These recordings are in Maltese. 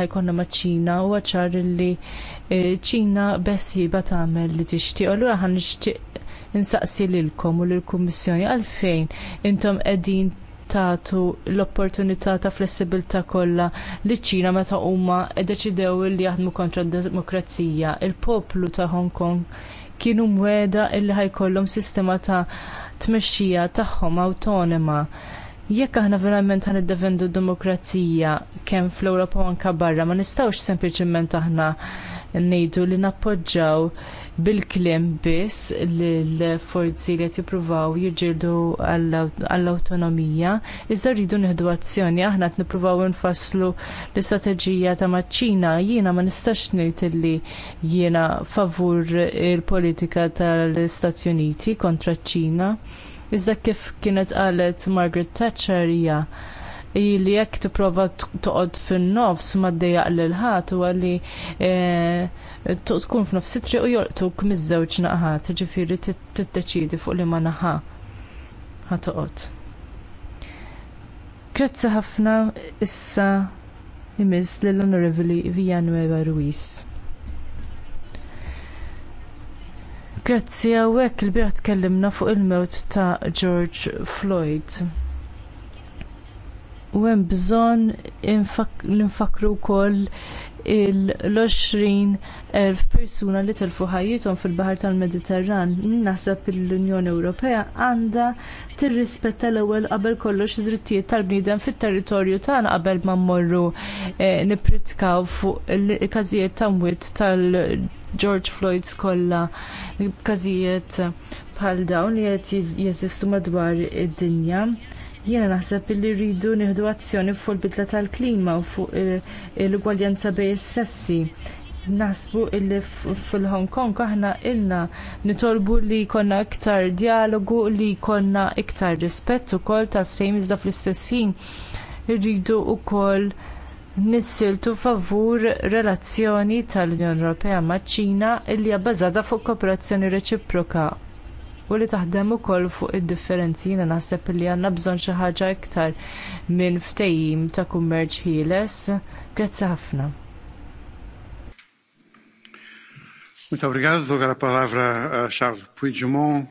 ħajkonna maċ-Ċina u għacċar li e, ċina besiba tagħmel li tixtieq. Allura ħan nixtieq l-kom u lill-Kummissjoni għalfejn intom qegħdin tagħtu l-opportunità ta' flessibilta kollha li ċina meta huma ddeċidew li jaħdmu kontra d-demokrazija. Il-poplu ta' Hong Kong kienu mweda illi ħajkollhom sistema ta' tmexxija tagħhom awtonoma Jekk aħna verament ħan id-defendu d-demokrazija kemm fl-Ewropa u anka barra, ma nistawx sempliċement aħna ngħidu li nappoġġaw bil-kliem biss l-forzi li qed jippruvaw jiġġieldu għall-awtonomija, iżda rridu nieħdu azzjoni aħna qed nippruvaw nfasslu l-istrateġija ta' maċ-Ċina, jiena ma nistax ngħid li jiena favur il-politika tal-Istati Uniti kontra ċ-Ċina. Iżda kif kienet qalet Margaret Thatcher hija li jekk tipprova toqgħod fin-nofs ma ddejjaq lil ħadd u li eh, tkun f'nofs sitri u jolqtuk miż-żewġ naqħat, ġifieri tiddeċidi fuq li ma naħa toqgħod. Grazzi ħafna issa imiss lill onorevoli Villanueva Ruiz. Grazzi għawek il-bira kellimna fuq il-mewt ta' George Floyd. U hemm bżonn l-infakru wkoll il-20,000 persuna li telfu ħajjithom fil-Baħar tal-Mediterran. Naħseb l-Unjoni Ewropea għandha tirrispetta l-ewwel qabel kollox id-drittijiet tal-bniedem fit-territorju tagħna qabel ma mmorru eh, nippritkaw fuq il-każijiet ta' mwiet tal-George Floyd kollha każijiet bħal dawn li qed jeżistu madwar id-dinja. Jiena naħseb li rridu nieħdu azzjoni fuq il-bidla tal-klima u fuq eh, l-ugwaljanza bejn is-sessi. Nasbu illi fil-Hong Kong aħna ilna nitolbu li jkollna iktar dialogu li jkollna iktar rispett ukoll tal-ftehim iżda fl-istess ħin irridu wkoll nissiltu favur relazzjoni tal-Unjoni Ewropea maċ-Ċina illi hija bbażata fuq kooperazzjoni reċiproka u li taħdem ukoll fuq id-differenzi jiena naħseb li għandna bżonn xi ħaġa iktar minn ftehim ta' kummerġ ħieles. Grazzi ħafna. Muito obrigado, dou a palavra a Charles Puigdemont.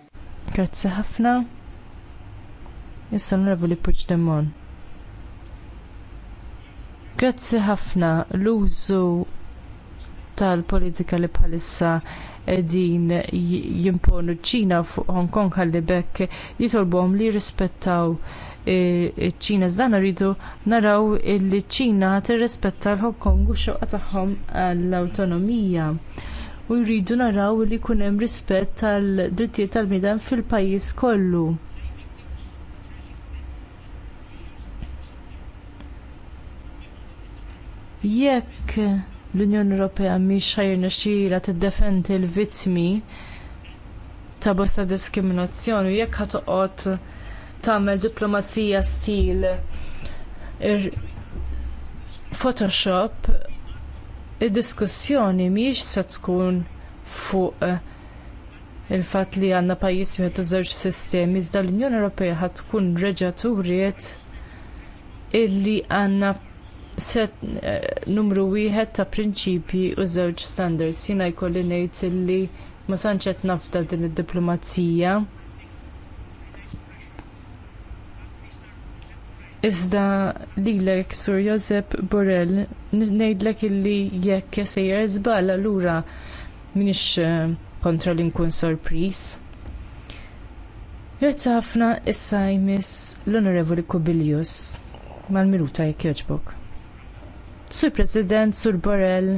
Grazie ħafna. Issa nrevu li Puigdemont. Grazzi ħafna l-użu tal-politika li bħalissa qegħdin jimponu ċ-Ċina fuq Hong Kong ħalli bekk jitolbhom li jirrispettaw e, ċ-Ċina żdan rridu naraw li ċ-Ċina tirrispetta l-Hong Kong u xoqqa tagħhom għall-awtonomija u jridu naraw li jkun hemm rispett tal-drittijiet tal-bniedem fil-pajjiż kollu. Jekk l-Unjoni Ewropea mhix xajrna xila tiddefendi l-vittmi ta' bosta diskriminazzjoni u jekk ħa toqgħod tagħmel diplomazija stil Photoshop id-diskussjoni mhijiex se tkun fuq eh, il-fatt li għandna pajjiż wieħed u żewġ sistemi iżda l-Unjoni Ewropea ħad tkun reġaturiet illi għandna set eh, numru wieħed ta' prinċipji u żewġ standards. Jiena jkolli ngħid illi ma tantx qed nafda din id-diplomazija. Iżda lilek Sur Josep Borrell ngħidlek illi jekk sejjer żball allura m'iniex eh, kontra li nkun sorpriż. Grazzi ħafna issa jmiss l-Onorevoli Kubilius mal-minuta jekk jogħġbok. Sur President, Sur Borrell.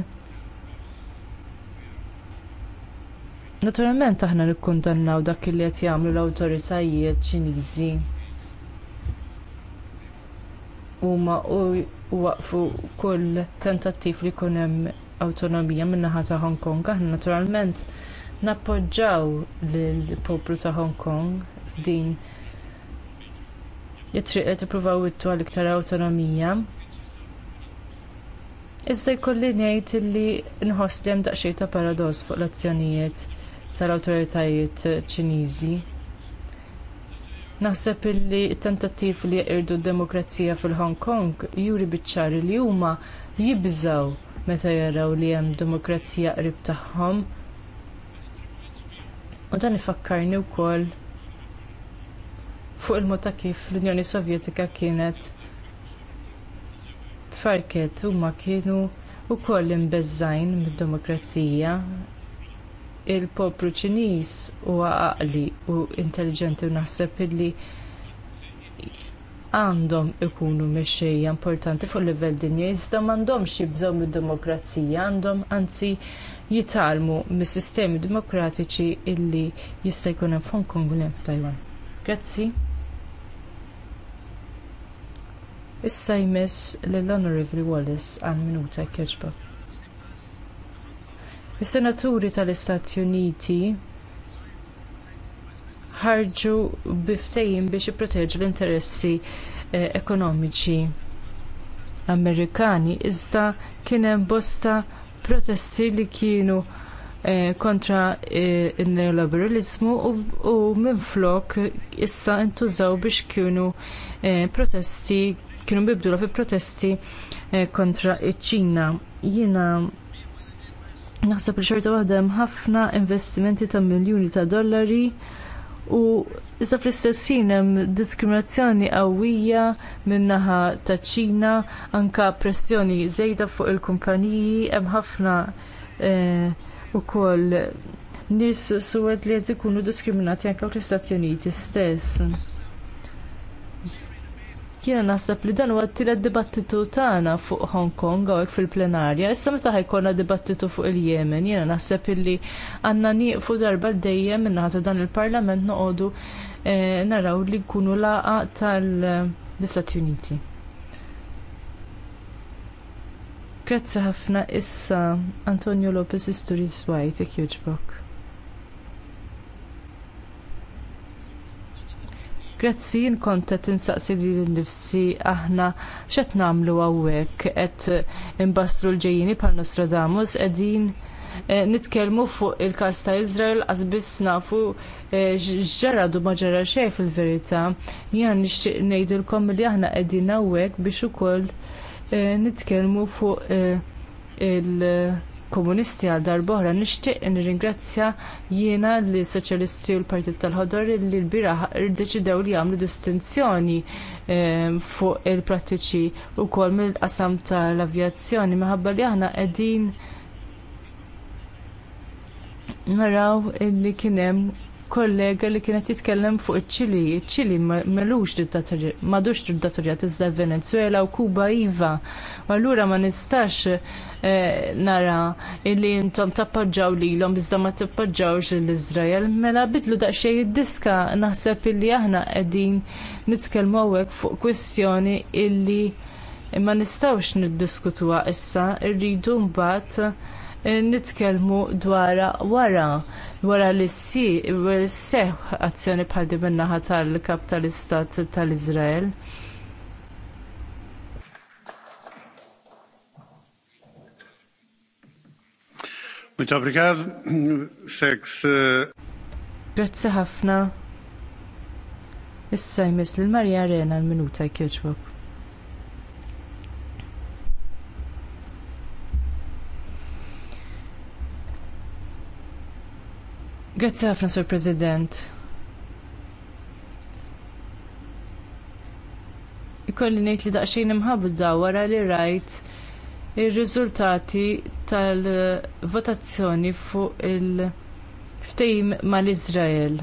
Naturalment aħna nikkundannaw dak li qed jagħmlu l-awtoritajiet Ċiniżi. Huma waqfu kull tentattiv li jkun hemm awtonomija min-naħa ta' Hong Kong. Aħna naturalment nappoġġaw lill-poplu ta' Hong Kong f'din it-triq li tippruvaw ittu għal iktar awtonomija. Iżda jkolli ngħid illi nħoss li hemm daqsxejn ta' paradoss fuq l-azzjonijiet tal-awtoritajiet Ċiniżi. Naħseb illi t tentattiv li jirdu d-demokrazija fil-Hong Kong juri biċċar li huma jibżaw meta jaraw li hemm demokrazija qrib tagħhom. U dan ifakkarni wkoll fuq il-mod ta' kif l-Unjoni Sovjetika kienet tfarket huma kienu wkoll imbezzajn mid-demokrazija. Il-poplu Ċiniż huwa għaqli u intelligenti u naħseb li għandhom ikunu mexxejja importanti fuq livell dinja, iżda m'għandhomx jibżgħu mid-demokrazija, għandhom anzi jitalmu mis-sistemi demokratiċi illi jista' jkun hemm f'Hong Kong u hemm f'Taiwan. Grazzi. Issa jmiss lill-Honorable Wallace għal minuta kieġba. Is-senaturi tal-Istati Uniti ħarġu biftejjin biex jipproteġu l-interessi eh, ekonomiċi Amerikani iżda kien hemm bosta protesti li kienu eh, kontra eh, il-neoliberalizmu u minflok issa intużaw biex kienu protesti kienu bibdula fi protesti eh, kontra iċ-Ċina. Jiena naħseb li xorta waħda hemm ħafna investimenti ta' miljuni ta' dollari u iżda fl-istess ħin hemm diskriminazzjoni qawwija min-naħa taċ Ċina, anke pressjoni żejda fuq il-kumpaniji, hemm ħafna eh, ukoll nies suwed li qed ikunu diskriminati anke fl-Istati Uniti stess. Jiena naħseb li dan huwa t-tielet dibattitu tagħna fuq Hong Kong għawek fil-plenarja. Issa meta ħajkolna dibattitu fuq il-Yemen, jiena naħseb illi għandna nieqfu darba dejjem minnaħa ta' dan il-Parlament noqogħdu eh, naraw li nkunu laqa tal-Istati Uniti. Grazzi ħafna issa Antonio Lopez Isturiz White, huge book. Grazzi, kont qed insaqsi li l-nifsi aħna x'qed nagħmlu hawnhekk qed imbastru l-ġejjini pal Nostradamus qegħdin eh, nitkellmu fuq il-każ ta' Izrael biss nafu eh, x'ġaradu ma ġara xejn fil-verità. Jiena nixtieq ngħidilkom li aħna qegħdin hawnhekk biex ukoll eh, nitkellmu fuq il- komunisti għal darbohra nixtieq nirringrazzja jiena li soċjalisti u l-Partit tal-Ħodor li l-biraħ irdeċidew li jagħmlu distinzjoni ehm, fuq il-prattiċi wkoll mill-qasam tal-avjazzjoni minħabba li aħna qegħdin naraw illi kien hemm kollega li kienet jitkellem fuq iċ-Ċili. Iċ-Ċili melux madux dittatorja iżda Venezuela u Kuba iva. U allura ma nistax eh, nara illi intom tappoġġaw lilhom iżda ma tappoġġawx l-Iżrael. Mela bidlu daqsxejn id-diska naħseb illi aħna qegħdin nitkellmu hawnhekk fuq kwistjoni illi ma nistgħux niddiskutuha issa, irridu mbagħad nitkellmu dwara wara wara li si seħ azzjoni bħal di minnaħa tal-kap tal-istat tal-Izrael. Muito obrigado, sex. Eh, Grazie ħafna. Issa jmiss l-Marja Arena l-minuta kjoċbok. Grazie ħafna, Sur President. Ikolli ngħid li daqsxejn d wara li rajt il riżultati tal-votazzjoni fuq il-ftejm mal-Iżrael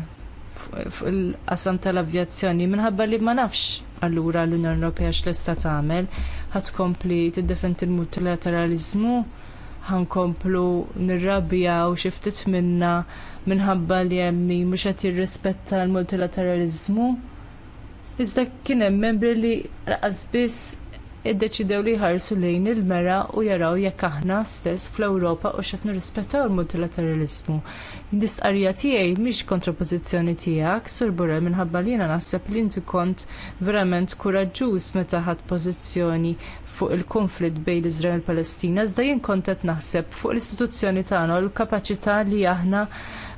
fuq il-qasam tal-avjazzjoni minħabba li ma nafx allura l-Unjoni Ewropea x'lesta tagħmel ħadd tkompli tiddefend il-multilateraliżmu ħankomplu nirrabja u xi ftit minna minħabba li hemm mhux qed jirrispetta l-multilateraliżmu. Iżda kien hemm membri li biss iddeċidew li jħarsu lejn il-mera u jaraw jekk aħna stess fl-Ewropa u xed nirrispettaw il-multilateralizmu. Disqarja tiegħi mhix kontrapożizzjoni tiegħek, Sur Borrell minħabba li jiena naħseb li inti kont verament kuraġġuż meta ħadd pożizzjoni fuq il-konflitt bejn Iżrael Palestina, iżda jien kont qed naħseb fuq l-istituzzjoni tagħna u l-kapaċità li aħna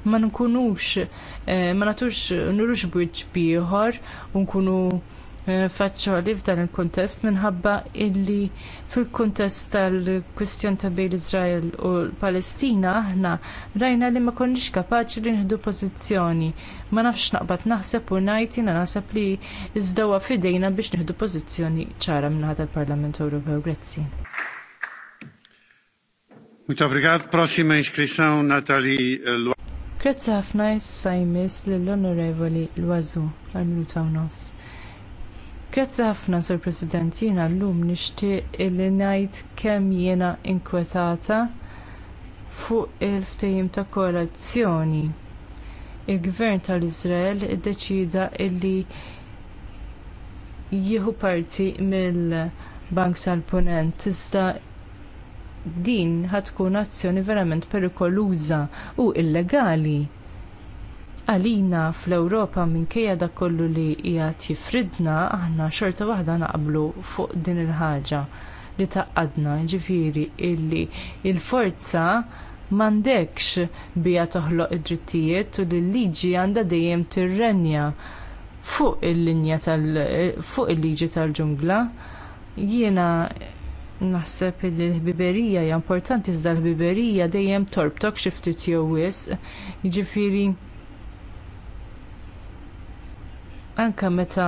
ma nkunux eh, ma nagħtux nurux bwiċċ bieħor u nkunu Eh, li f'dan il-kuntest minħabba illi fil-kuntest tal-kwistjon ta' bejn Iżrael u l-Palestina aħna rajna li ma konniex kapaċi li nħdu pożizzjoni. Ma nafx naqbad naħseb u ngħid jiena naħseb li iżdawa fidejna biex nieħdu pożizzjoni ċara minħat tal-Parlament Ewropew. Grazzi. Muito obrigado. Próxima inscrição, Nathalie eh, Loiseau. Grazie ħafna jissajmis lill-Onorevoli Loiseau għal-minuta u nofs. Grazzi ħafna, Sur President, jiena llum nixtieq illi ngħid kemm jiena inkwetata fuq il-ftehim ta' koalazzjoni. Il-gvern tal-Iżrael iddeċida illi jieħu parti mill-Bank tal-Punent iżda din ħatkun azzjoni verament perikoluża u illegali għalina fl-Ewropa minkejja dak kollu li qiegħed jifridna aħna xorta waħda naqblu fuq din il-ħaġa li taqadna ġifiri illi il-forza m'għandekx bija toħloq id-drittijiet u li l-liġi għandha dejjem tirrenja fuq il-linja tal fuq il-liġi tal-ġungla jiena naħseb li l-ħbiberija hija importanti iżda l-ħbiberija dejjem torbtok xi ftit jew wisq. Jiġifieri anke meta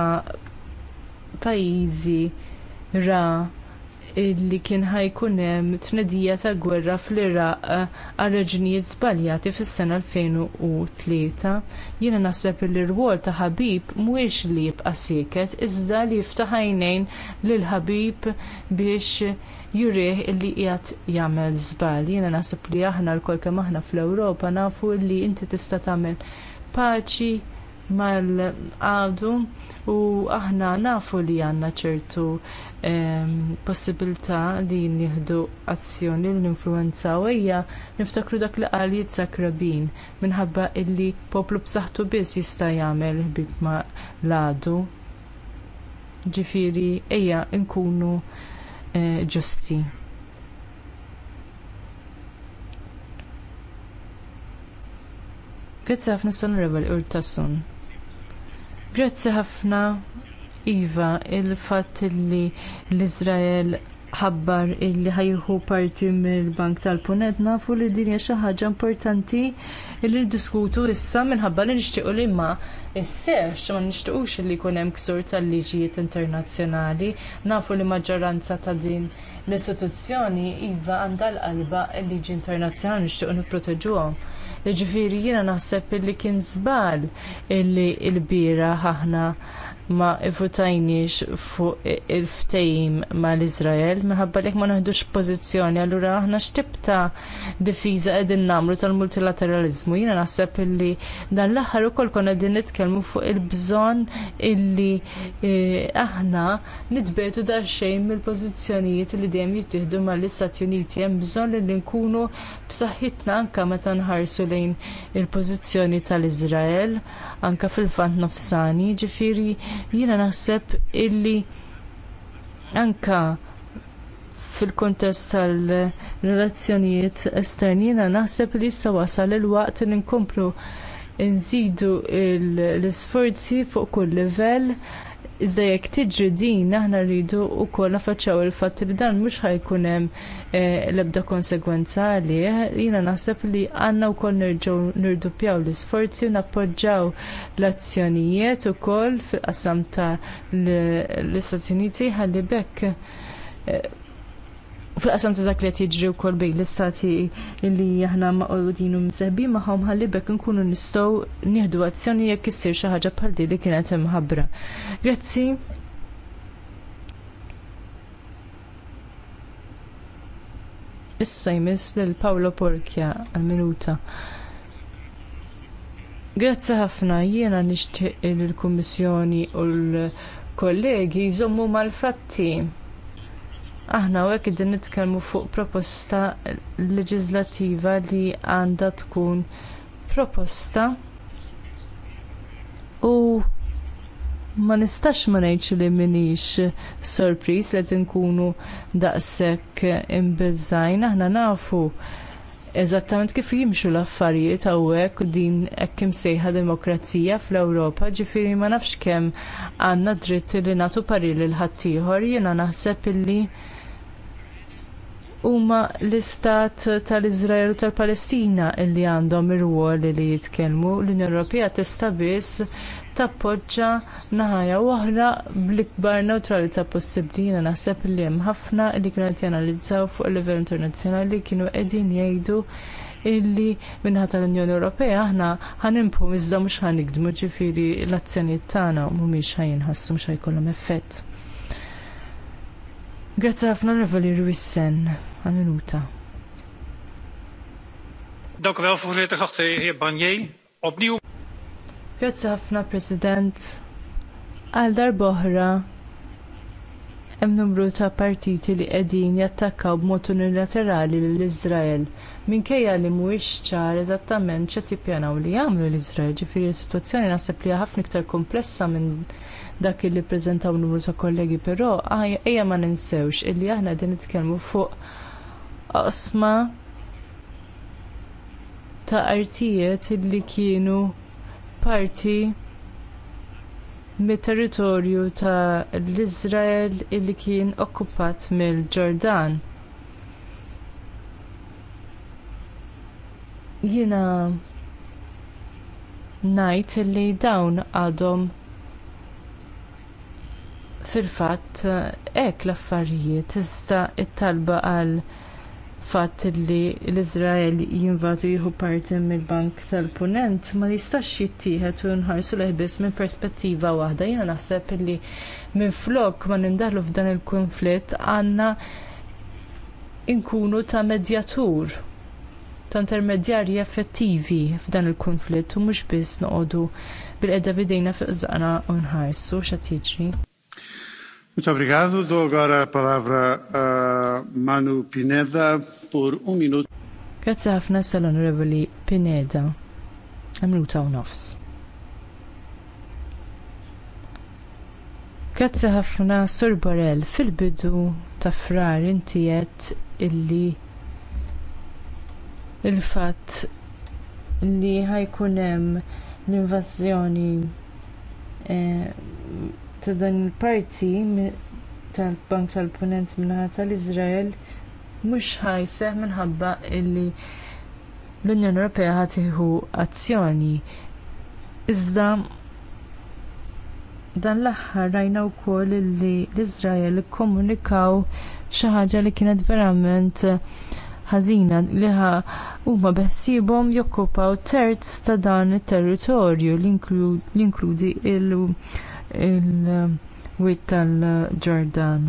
pajjiżi ra illi kien ħajkun hemm tnedija ta' gwerra fl-Iraq eh, għal raġunijiet żbaljati fis-sena 2003. Jiena naħseb li r-rwol ta' Ħabib mhuwiex li jibqa' sieket, iżda li jiftaħ għajnejn lil Ħabib biex jurih illi qiegħed jagħmel żball. Jiena naħseb li aħna lkoll kemm aħna fl-Ewropa nafu li inti tista' tagħmel paċi mal-għadu u aħna nafu li għandna ċertu possibilità li nieħdu azzjoni u ninfluwenza ejja niftakru dak li qal jitzak rabin minħabba illi poplu b'saħħtu biss jista' jagħmel ħbib ma l-għadu. Ġifieri ejja nkunu eh, ġusti. Grazie a Son Rebel Urtasun. Grazzi ħafna Iva, il-fatt li l-Izrael ħabbar illi ħajħu parti mill-Bank tal-Punet nafu li din hija xi ħaġa importanti illi ndiskutu issa minħabba li nixtiequ li ma issirx ma nixtiequx li jkun hemm ksur tal-liġijiet internazzjonali. Nafu li maġġoranza ta' din l-istituzzjoni iva għandha l-qalba l-liġi internazzjonali nixtiequ nipproteġuhom. Ġifieri jiena naħseb illi kien żball illi l-bira ħaħna ma votajniex fuq il-ftejim mal iżrael minħabba li ma naħdux pożizzjoni, allura aħna x'tib ta' difiża qegħdin nagħmlu tal-multilateralizmu. Jiena naħseb illi dan l-aħħar ukoll konna qegħdin nitkellmu fuq il-bżonn illi eh, aħna nitbetu daqsxejn mill-pożizzjonijiet li dejjem jittieħdu mal-Istati Uniti hemm bżonn illi nkunu b'saħħitna anke meta nħarsu lejn il-pożizzjoni tal-Iżrael anke fil-fant nofsani, jiġifieri. Jiena naħseb illi anka fil-kontest tal-relazzjonijiet esterni jina naħseb li issa wasal il-waqt li nkomplu nżidu l-isforzi fuq kull livell Iżda jekk tiġri din aħna rridu wkoll nafaċċaw il-fatt li dan mhux ħajkun hemm eh, l-ebda konsegwenza għalih, jiena naħseb li għandna wkoll nerġgħu nirdupjaw l-isforzi u nappoġġjaw l-azzjonijiet ukoll fil-qasam ta' l-Istati Uniti ħalli bekk eh, fil-qasam ta' dak li qed jiġri wkoll bejn l-istati li aħna ma' u ma' magħhom għalli bekk nkunu nistgħu nieħdu azzjoni jekk issir xi ħaġa bħal li kienet imħabbra. Grazzi. Issa jmiss lil Paolo Porkja għal-minuta. Grazzi ħafna, jiena nixtieq il-Kummissjoni u l-kollegi jżommu mal-fatti Aħna u għek id nitkellmu fuq proposta leġislativa li għandha tkun proposta u ma nistax ma ngħidx li minix sorpriż li nkunu daqshekk imbiżżajn aħna nafu Eżattament kif jimxu l-affarijiet hawnhekk u din hekk imsejħa demokrazija fl-Ewropa, ġifieri ma nafx kemm għandna dritt li nagħtu parir lil ħaddieħor, jiena naħseb illi huma l-istat tal-Iżrael u tal-Palestina illi għandhom ir ruol li jitkellmu l-Unjoni Ewropea tista' biss tappoġġa naħaja oħra bl-ikbar neutralità possibbli jiena naħseb li hemm ħafna li kienu qed janalizzaw fuq il-livell internazzjonali kienu qegħdin jgħidu illi minħata l-Unjoni Ewropea aħna ħanimpu iżda mhux ħanikdmu ġifieri l-azzjonijiet tagħna mhumiex ħajinħassu mhux ħajkollhom effett. Grazzi ħafna Revoli Ruissen għal minuta. Dank u wel, voorzitter, geachte Grazie ħafna, President. Għal darboħra, hemm numru ta' partiti li qegħdin jattakkaw b'mod unilaterali lill iżrael minkejja li mhuwiex ċar eżattament x'qed jippjanaw li jagħmlu l-Iżrael, ġifieri s-sitwazzjoni naħseb li ħafna iktar komplessa minn dak li ppreżentaw numru ta' kollegi, però ejja ma ninsewx illi aħna qegħdin nitkellmu fuq oqsma ta' artijiet li kienu parti mit-territorju ta' l-Izrael illi kien okkupat mill-Ġordan. Jiena ngħid illi dawn għadhom fil fatt hekk l-affarijiet iżda t talba għal fatt li l-Izrael jinvadu jieħu parti mill-Bank tal-Punent ma jistax jittieħed u nħarsu leħbis minn perspettiva waħda. Jiena naħseb li minflok ma nindahlu f'dan il-konflitt għandna inkunu ta' medjatur ta' intermedjarji effettivi f'dan il-konflitt u mhux biss noqogħdu bil-qeda bidejna fiq żaqna u nħarsu x'għad jiġri. Muito obrigado. Dou agora a palavra a Manu Pineda por um minuto. Grazie ħafna sal-Onorevoli Pineda. Għamluta u nofs. Grazzi ħafna Sur Borel fil-bidu ta' frar inti illi il-fatt li ħajkun hemm l-invażjoni eh, ta' dan il-parti tal-Bank tal-Punent minnaħat tal-Izrael mhux ħajseħ minħabba illi l-Unjoni Ewropea ħatiħu azzjoni. Iżda dan l-aħħar rajna wkoll illi l-Izrael ikkomunikaw xi ħaġa li kienet verament ħażina li huma beħsiebhom jokkupaw terz ta' dan it-territorju li inkludi l il-wit tal-Ġordan.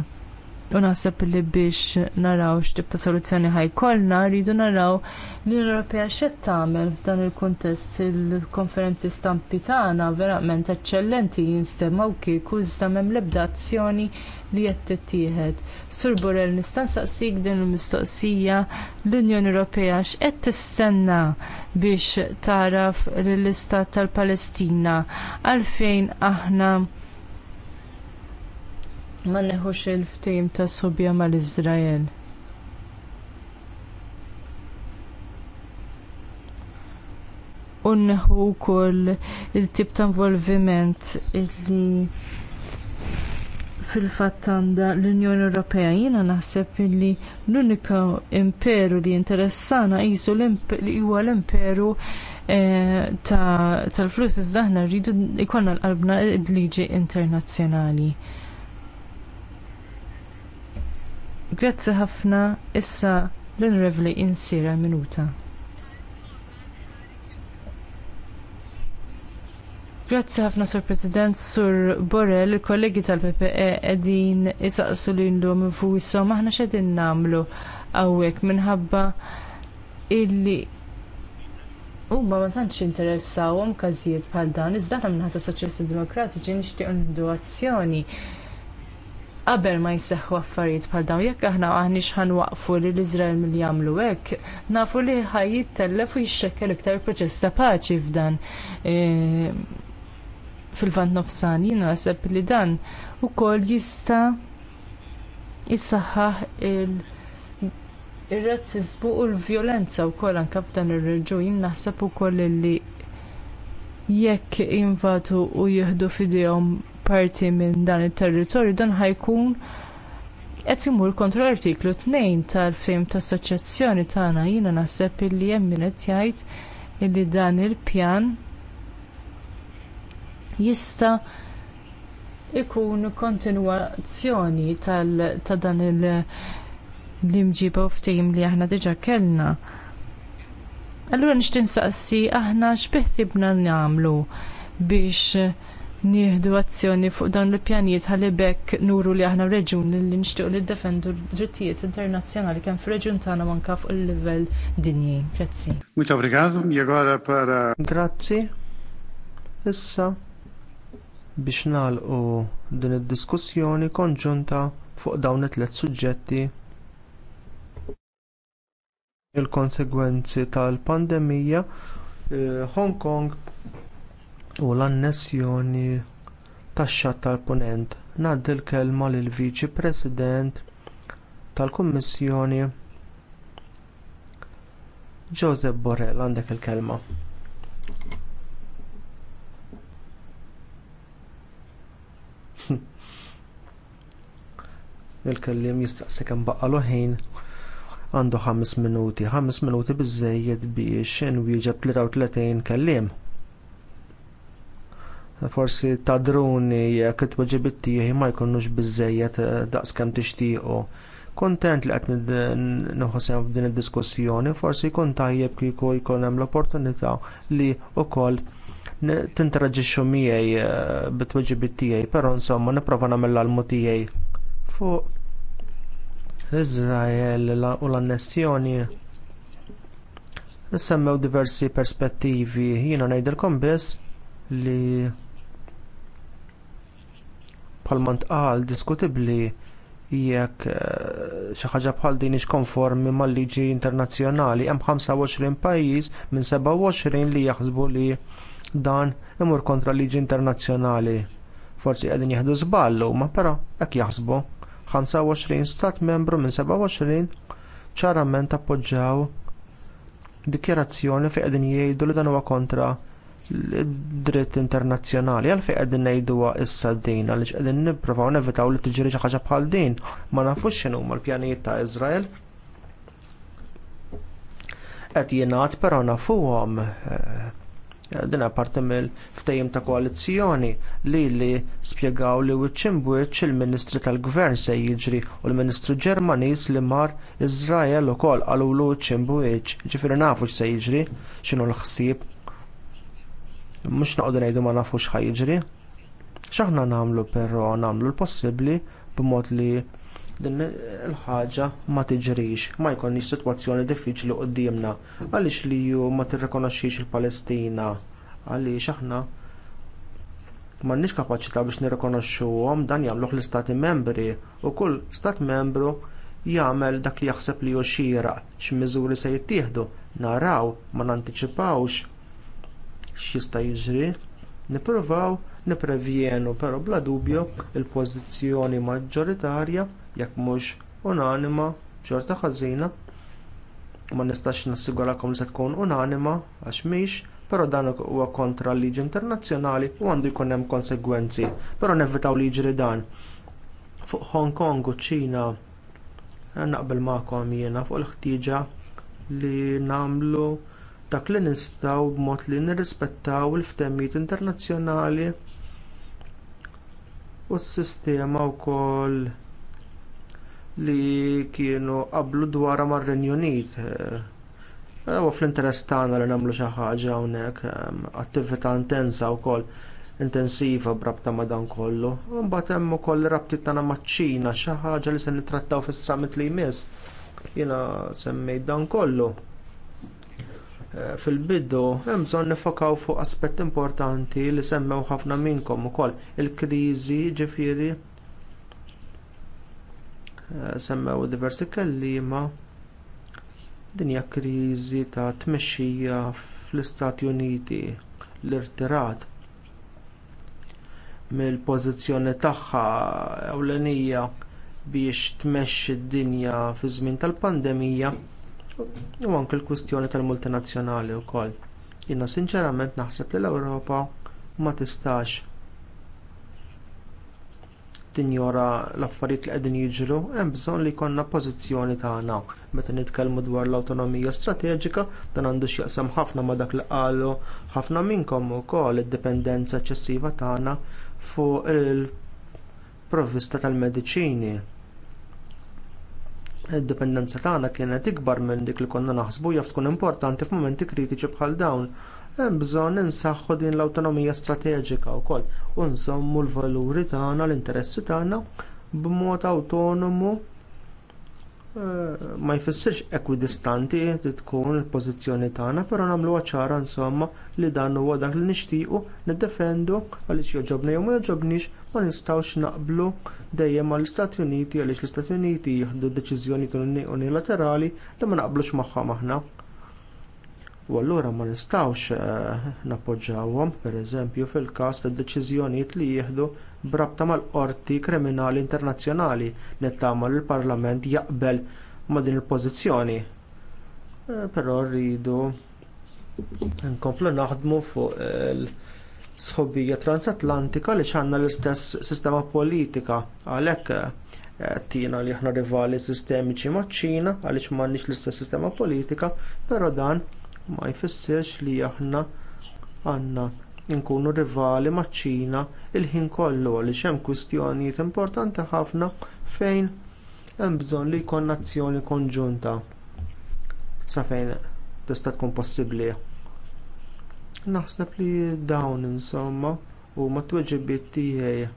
U naħseb li biex naraw x'tib ta' soluzzjoni ħajkolna rridu naraw li l-Ewropea x'qed tagħmel f'dan il-kuntest il-konferenzi stampi tagħna verament eċċellenti jinstemaw kieku iżda m'hemm l-ebda azzjoni li qed tittieħed. Sur Borrell nista' nsaqsik din il-mistoqsija l-Unjoni Ewropea x'qed tistenna biex taraf lill-Istat tal-Palestina għalfejn aħna ma neħux il-ftim ta' sobja mal-Izrael. Unneħu wkoll il-tip ta' involviment illi fil fattanda l-Unjoni Ewropea jiena naħseb illi l-unika imperu li interessana qisu huwa l-imperu eh, tal-flus iż-żahna rridu ikollna l-qalbna l liġi internazzjonali. Grazzi ħafna issa l-Onorevoli insira minuta. Grazzi ħafna Sur President Sur Borrell, il-kollegi tal-PPE edin isaqsu li l-lum fuqisom aħna xedin namlu għawek minħabba illi u ma tantx interessawhom każijiet bħal dan, iżda aħna minħata soċjalisti demokratiċi nixtieq nħdu azzjoni qabel ma jseħħu affarijiet bħal dawn jekk aħna aħniex ħanwaqfu li l-Iżrael milli jagħmlu hekk, nafu li ħaj jittellef u jixxekkel iktar proċess ta' paċi f'dan e, fil-vant nofsan jiena naħseb li dan ukoll jista' jissaħħaħ il- Ir-razzizmu u l-vjolenza wkoll anke f'dan ir-reġun naħseb ukoll li jekk jinvatu u jieħdu fidejhom parti minn dan it-territorju dan ħajkun qed imur kontra l-artiklu 2 tal-fim tas-soċjazzjoni tagħna jiena naħseb illi hemm min qed jgħid illi dan il-pjan jista' ikun kontinwazzjoni ta' dan il-imġiba u ftehim li aħna diġà kellna. Allura nixtieq saqsi aħna x'biħsibna nagħmlu biex nieħdu azzjoni fuq dan il-pjanijiet ħalli bekk nuru li aħna reġun li nixtiequ li d drittijiet internazzjonali kemm fir-reġun tagħna manka fuq il-livell dinji. Grazzi. Muito obrigado, jagora e para. Grazzi. Issa biex nagħlqu din id-diskussjoni konġunta fuq dawn it-tliet suġġetti il-konsegwenzi tal-pandemija eh, Hong Kong u l-annessjoni tax-xatt tal-punent. Ngħaddi l-kelma lill viċi President tal-Kummissjoni Joseph Borrell għandek il-kelma. Il-kellim jistaqsi kemm baqalu ħin għandu ħames minuti, ħames minuti biżżejjed biex inwieġeb 33 kelliem forsi ta' druni jekk it-tweġibit tiegħi ma jkunux biżżejjed eh, daqskemm tixtiequ. Kuntent li qed nħossem f'din id-diskussjoni, forsi jkun tajjeb kieku jkun hemm l-opportunità li wkoll tinteraġixxu miegħi eh, bit-tweġibit tiegħi, però insomma nipprova nagħmel l-almu tiegħi fuq Izrael u l-annessjoni semmew diversi perspettivi. Jiena ngħidilkom biss li bħalma ntqal diskutibbli jekk eh, xi ħaġa bħal din hix konformi mal-liġi internazzjonali hemm 25 pajjiż minn 27 li jaħsbu li dan imur kontra liġi internazzjonali. Forsi qegħdin jieħdu żballu, ma però hekk jaħsbu. 25 stat membru minn 27 ċarament appoġġjaw dikjarazzjoni fejn qegħdin jgħidu li dan huwa kontra dritt internazzjonali għalfejn qegħdin ngħiduha issa din għaliex qegħdin nippruvaw nevitaw li tiġri xi ħaġa bħal din ma nafux x'inhu l-pjanijiet ta' Iżrael. Qed jingħad però nafuhom eh, din apparti mill ftehim ta' koalizzjoni li li spjegaw li wiċċ il-Ministri tal-Gvern se jiġri u l-Ministru Ġermaniż li mar Iżrael ukoll qalulu wiċċ imbuċ ġifieri nafu x'se jiġri x'inhu l-ħsieb mux naqdu ngħidu ma nafux ħajġri. X'aħna nagħmlu però nagħmlu l-possibbli b'mod li din il-ħaġa ma tiġrix, ma jkunni sitwazzjoni diffiċli qudiemna għaliex li ju ma tirrikonoxxix il-Palestina għaliex aħna m'għandniex kapaċità biex nirrikonoxxuhom dan jamluħ l-istati membri u kull stat membru jagħmel dak li jaħseb li hu xieraq x'miżuri se jittieħdu naraw ma nantiċipawx x'jista' jiġri, nippruvaw nipprevjenu però bla dubju il-pożizzjoni maġġoritarja jekk mhux unanima xorta ħażina ma nistax nassigurakom se tkun unanima għax mhix però dan huwa kontra l-liġi internazzjonali u għandu jkun hemm konsegwenzi, però nevitaw li jiġri dan. Fuq Hong Kong u ċina eh, naqbel magħkom jiena fuq il-ħtieġa li nagħmlu dak li nistgħu b'mod li nirrispettaw il ftemmijiet internazzjonali u s-sistema wkoll li kienu qablu dwarha mar-Renju Unit. Eh, u fl-interess tagħna li nagħmlu xi ħaġa hawnhekk attività intensa wkoll intensiva b'rabta ma' dan kollu. Mbagħad hemm ukoll rabtiet tagħna maċ-Ċina xi ħaġa li se nittrattaw fis-summit li jmiss. Jiena semmejt dan kollu fil-biddu hemm bżonn nifokaw fuq aspett importanti li semmew ħafna minkom ukoll il-kriżi ġifieri eh, semmew diversi kelliema din hija kriżi ta' tmexxija fl-Istati Uniti l-irtirat mill-pożizzjoni tagħha ewlenija biex tmexxi d-dinja fi żmien tal-pandemija u anke l-kwistjoni tal-multinazzjonali wkoll. Jiena sinċerament naħseb li l-Ewropa ma tistax tinjora l-affarijiet li qegħdin jiġru hemm bżonn li jkollna pożizzjoni tagħna. Meta nitkellmu dwar l-awtonomija strateġika dan għandu x'jaqsam ħafna ma dak li qalu ħafna minnkom ukoll id-dipendenza eċċessiva tagħna fuq il-provvista tal-mediċini id-dipendenza tagħna kienet ikbar minn dik li konna naħsbu jaf tkun importanti f'mumenti kritiċi bħal dawn. Hemm bżonn insaħħu din l-awtonomija strateġika wkoll u nżommu l-valuri tagħna, l-interessi tagħna b'mod awtonomu ma jfissirx ekwidistanti li tkun il-pożizzjoni tagħna, però nagħmluha ċara insomma li dan huwa dak li nixtiequ niddefendu għaliex joġobna jew ma joġobniex ma nistgħux naqblu dejjem mal-Istati Uniti għaliex l-Istati Uniti jieħdu deċiżjoni unilaterali li ma naqblux magħhom aħna. U allura ma nistgħux eh, nappoġġawhom, pereżempju fil-każ tad deċiżjonijiet li jieħdu brabta mal-qorti kriminali internazzjonali nittama li l-Parlament jaqbel ma' din il-pożizzjoni. Eh, però rridu nkomplu naħdmu fuq il-sħobija eh, transatlantika li ċanna l-istess sistema politika għalhekk tina li aħna rivali sistemiċi maċ-Ċina għaliex m'għandniex l-istess sistema politika, però dan ma jfissirx li aħna għandna nkunu rivali maċ ċina il-ħin kollu għaliex hemm kwistjonijiet importanti ħafna fejn hemm bżonn li jkollna azzjoni konġunta sa fejn tista' tkun possibbli. Naħseb li dawn insomma huma t-tweġibiet tiegħi.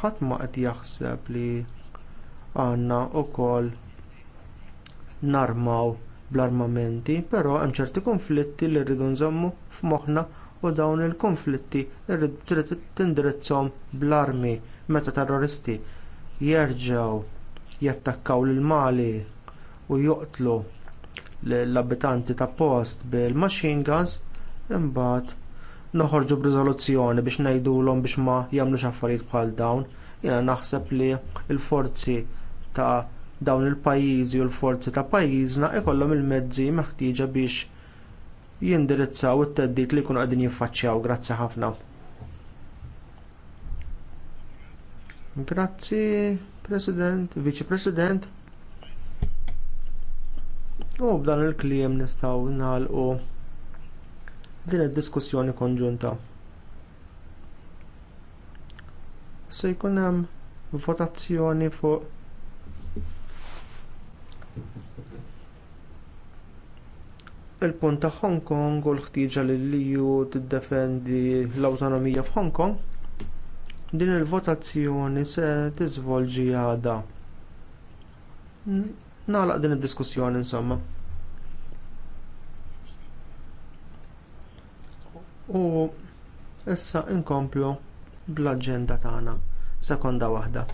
Ħadd ma qed jaħseb li għandna wkoll narmaw bl-armamenti, però hemm ċerti konflitti li rridu nżommu f'moħħna u dawn il-konflitti rridu tindirizzhom bl-armi meta terroristi jerġgħu jattakkaw lil Mali u joqtlu l-abitanti ta' post bil-machine guns imbagħad noħorġu b'riżoluzzjoni biex ngħidulhom biex ma jagħmlux affarijiet bħal dawn. Jiena naħseb li l-forzi ta' dawn il-pajjiżi u l-forzi ta' pajjiżna ikollhom il-mezzi meħtieġa biex jindirizzaw it-teddit li jkunu qegħdin jiffaċċjaw. Grazzi ħafna. Grazzi, President, Viċi President. U b'dan il-kliem nistgħu nagħlqu din id-diskussjoni konġunta. Se jkun hemm votazzjoni fuq Il-punt ta' Hong Kong u l-ħtieġa li l-liju tiddefendi l-awtonomija f'Hong Kong, din il-votazzjoni se tiżvolġi għada. Nagħlaq din id-diskussjoni insomma. U issa inkomplu bl-aġenda tagħna sekonda waħda.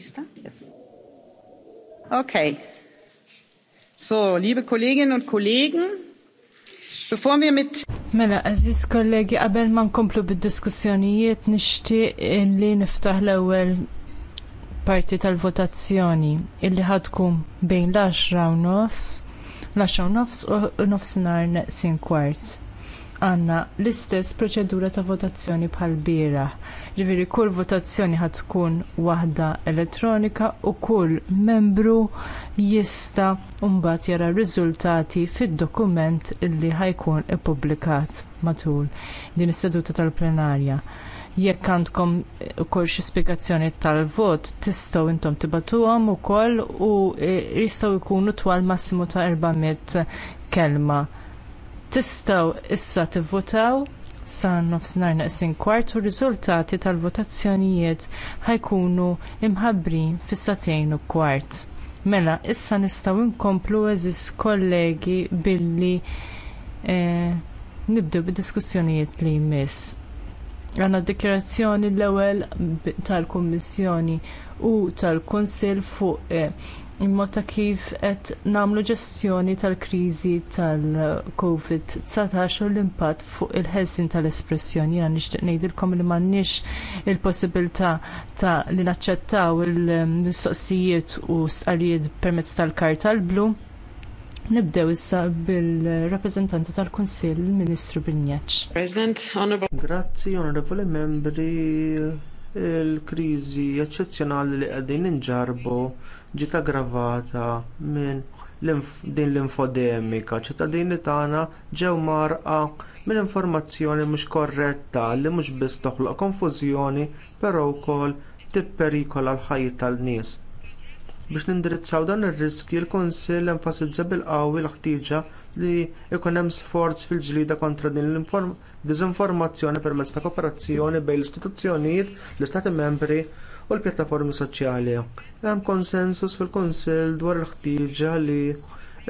we start? Yes. Okay. So, liebe Kolleginnen und Kollegen, bevor wir mit Mela, aziz kollegi, qabel ma nkomplu bid-diskussjonijiet nixtieq li niftaħ l-ewwel parti tal-votazzjoni illi ħadkum bejn l-10 u nofs, l-10 u nofs u nofsinhar neqsin kwart għandna l-istess proċedura ta' votazzjoni bħal bieraħ. Ġifieri kull votazzjoni ħad tkun waħda elettronika u kull membru jista' mbagħad jara r-riżultati fid-dokument illi ħajkun ippubblikat matul din is-seduta tal-plenarja jekk għandkom ukoll xi tal-vot tistgħu intom tibatuhom ukoll u jistgħu jkunu twal massimu ta' 400 kelma. Tistaw issa tivvotaw sa nofsinhar naqsin kwart u r-riżultati tal-votazzjonijiet ħajkunu imħabbrin fis sagħtejn u kwart. Mela, issa nistgħu nkomplu eżis kollegi billi nibdu eh, nibdew diskussjonijiet li jmiss. Għanna dikjerazzjoni l-ewwel tal-Kummissjoni u tal-Kunsill fuq eh, imma ta' kif qed nagħmlu ġestjoni tal-kriżi tal-COVID-19 u l-impatt fuq il-ħelsin tal-espressjoni. Jiena nixtieq ngħidilkom li m'għandniex il-possibilità ta' li naċċettaw il-mistoqsijiet u stqarrijiet permezz tal-karta tal-blu. Nibdew issa bil-rappreżentanti tal-Kunsill, il-Ministru Binjaċ. President, Honorable. Grazzi, Onorevoli Membri, il-kriżi eċċezzjonali li qegħdin inġarbu ġiet aggravata minn din l-infodemika ċittadini tagħna ġew marqa minn informazzjoni mhux korretta li mhux biss toħloq konfużjoni però wkoll tipperikola l-ħajja tan-nies. Biex nindirizzaw dan ir-riski l-Kunsill enfasizza bil-qawwi l-ħtieġa li jkun hemm sforz fil-ġlida kontra din l-diżinformazzjoni permezz ta' kooperazzjoni bejn l-istituzzjonijiet, l-Istati membri u l-pjattaformi soċjali. Hemm konsensus fil-Kunsill dwar il-ħtieġa li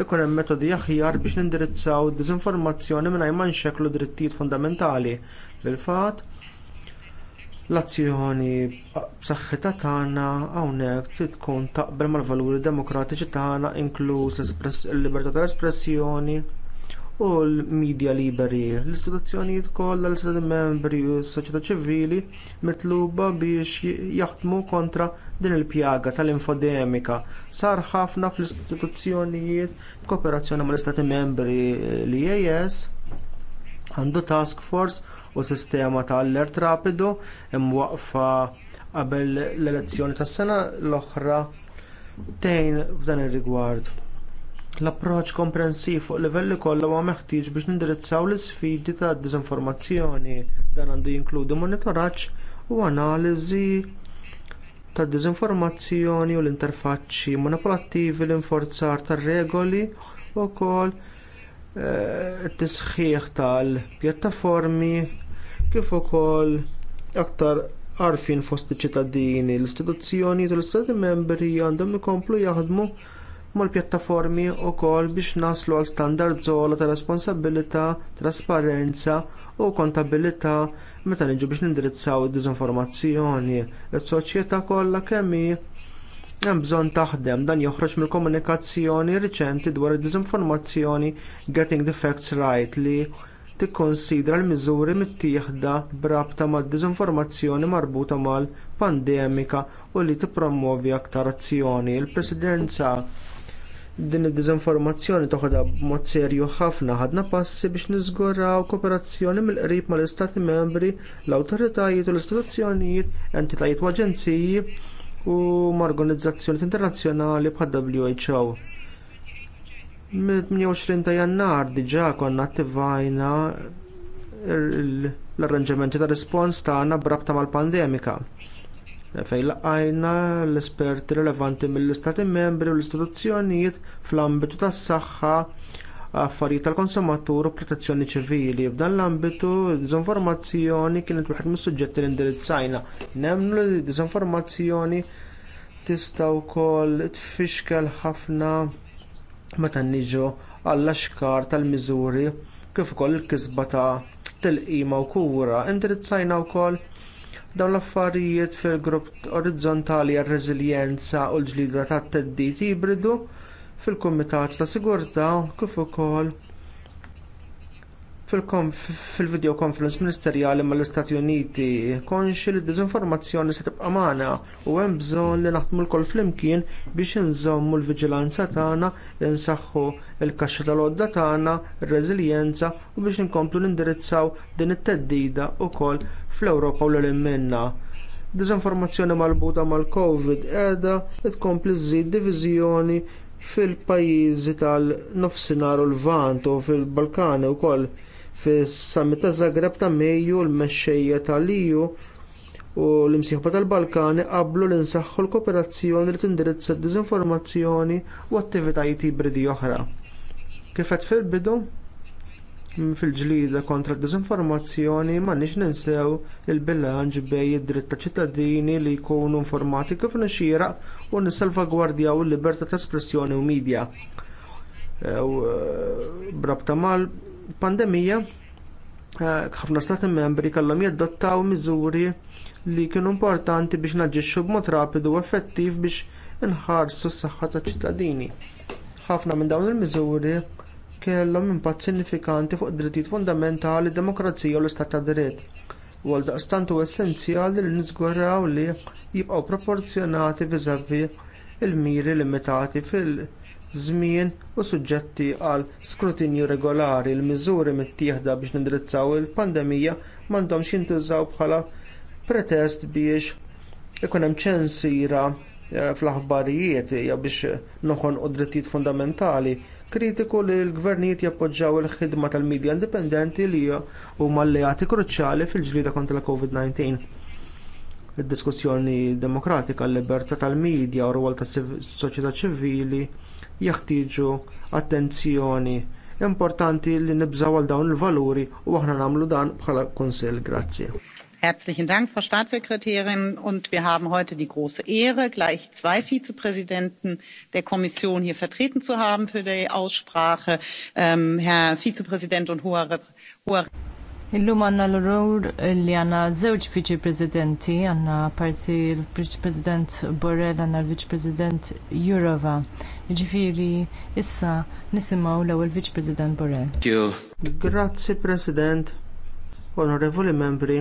ikun hemm metodi aħjar biex nindirizzaw diżinformazzjoni mingħajr ma nxekklu drittijiet fundamentali. Fil-fatt, l-azzjoni b'saħħitha tagħna hawnhekk tkun taqbel mal-valuri demokratiċi tagħna inkluż l-libertà tal-espressjoni u l-medja liberi. L-istituzzjonijiet kollha l-istati membri u s-soċjetà ċivili mitluba biex jaħdmu kontra din il-pjaga tal-infodemika. Sar ħafna fl-istituzzjonijiet b'kooperazzjoni mal-istati membri l EAS għandu task force u sistema ta' allert rapidu imwaqfa qabel l-elezzjoni tas sena l-oħra tejn f'dan ir-rigward. L-approċċ komprensiv fuq livelli kollha huwa meħtieġ biex nindirizzaw l-isfidi ta' diżinformazzjoni. Dan għandu jinkludi monitoraġġ u analiżi ta' diżinformazzjoni u l-interfaċċi manipolattivi l-inforzar tar regoli u wkoll t eh, tisħiħ tal-pjattaformi kif ukoll aktar għarfien fost iċ-ċittadini l-istituzzjoni u l-istati membri għandhom ikomplu jaħdmu mal-pjattaformi wkoll biex naslu għal standard żola ta' responsabilità, trasparenza u kontabilità meta niġu biex nindirizzaw id-diżinformazzjoni. Is-soċjetà kollha kemm hemm bżonn taħdem dan joħroġ mill-komunikazzjoni riċenti dwar id-diżinformazzjoni Getting the Facts Right li tikkonsidra l-miżuri mittieħda b'rabta mad-diżinformazzjoni marbuta mal-pandemika u li tippromovi aktar azzjoni. Il-Presidenza Din id-diżinformazzjoni toħodha b'mod serju ħafna ħadna passi biex niżguraw kooperazzjoni mill-qrib mal-Istati membri, l-awtoritajiet u l-istituzzjonijiet, entitajiet u aġenziji u ma' organizzazzjoni internazzjonali bħal WHO. Mid-28 ta' jannar diġà konna attivajna l-arranġamenti ta' rispons tagħna brabta mal-pandemika fejn laqajna l-esperti rilevanti mill-istati membri u l-istituzzjonijiet fl-ambitu tas-saħħa affarijiet tal-konsumatur u protezzjoni ċivili. F'dan l-ambitu diżinformazzjoni kienet waħed mis-suġġetti li indirizzajna. Nemmnu li diżinformazzjoni tista' wkoll tfixkel ħafna meta niġu għall-axkar tal-miżuri kif ukoll il-kisba ta' tilqima u kura. Indirizzajna wkoll Dawn l-affarijiet fil-grupp orizzontali għar reżiljenza u l-ġlida tat teddit ibridu fil-Kumitat ta' Sigurtà kif ukoll fil-video conference ministerjali mal istati Uniti konxi li d dizinformazzjoni se tibqa' magħna u hemm bżonn li naħdmu lkoll flimkien biex inżommu l-viġilanza tagħna, insaħħu l kaxxa tal-għodda tagħna, ir-reżiljenza u biex inkomplu nindirizzaw din it-teddida wkoll fl-Ewropa u l minnha. Dizinformazzjoni marbuta mal-COVID qiegħda tkompli żżid diviżjoni fil-pajjiżi tal-nofsinhar u l-Vant u fil-Balkani wkoll Fis-summit ta' Zagreb ta' Mejju l-mexxejja ta' Liju u l-imsieħba tal-Balkani qablu li nsaħħu l-kooperazzjoni li tindirizza d-diżinformazzjoni u attivitajiet ibridi oħra. Kif fil-bidu, fil ġlieda kontra d-diżinformazzjoni m'għandniex ninsew il-bilanċ bejn id-dritt ta' ċittadini li jkunu informati kif nixieraq u nissalvagwardjaw il-libertà ta' espressjoni u midja. Brabta mal pandemija eh, ħafna stati membri kellhom jadottaw miżuri li kienu importanti biex naġixxu b'mod rapidu u effettiv biex inħarsu s-saħħa taċ ċittadini. Ħafna minn dawn il-miżuri kellhom impatt sinifikanti fuq drittijiet fundamentali, demokrazija u l-istat ta' dritt. U għaldaqstant huwa essenzjali li niżguraw li jibqgħu proporzjonati viżavi il-miri limitati fil- żmien u suġġetti għal skrutinju regolari l-miżuri mittieħda biex nindirizzaw il-pandemija m'għandhomx jintużaw bħala pretest biex ikun hemm ċensira eh, fl-aħbarijiet jew biex noħolqu drittijiet fundamentali kritiku li l-gvernijiet jappoġġjaw il-ħidma tal-medja indipendenti li huma alleati kruċjali fil-ġlida kontra l-COVID-19 id-diskussjoni demokratika, l-libertà tal-medja u r-rwol tas soċjetà ċivili jeħtieġu attenzjoni importanti li nibżaw għal dawn il-valuri u aħna nagħmlu dan bħala Kunsill. Grazzi. Herzlichen Dank, Frau Staatssekretärin. Und wir haben heute die große Ehre, gleich zwei Vizepräsidenten der Kommission hier vertreten zu haben für die Aussprache. Ähm, Herr Vizepräsident und hoher Repräsentant. Illum għanna l-rur li għanna zewġ viċi prezidenti, għanna parti l-viċi prezident Borrell, għanna l-viċi prezident Jurova. Ġifiri, issa nisimaw l-ewwel Vice President Borrell. Grazzi President, onorevoli membri.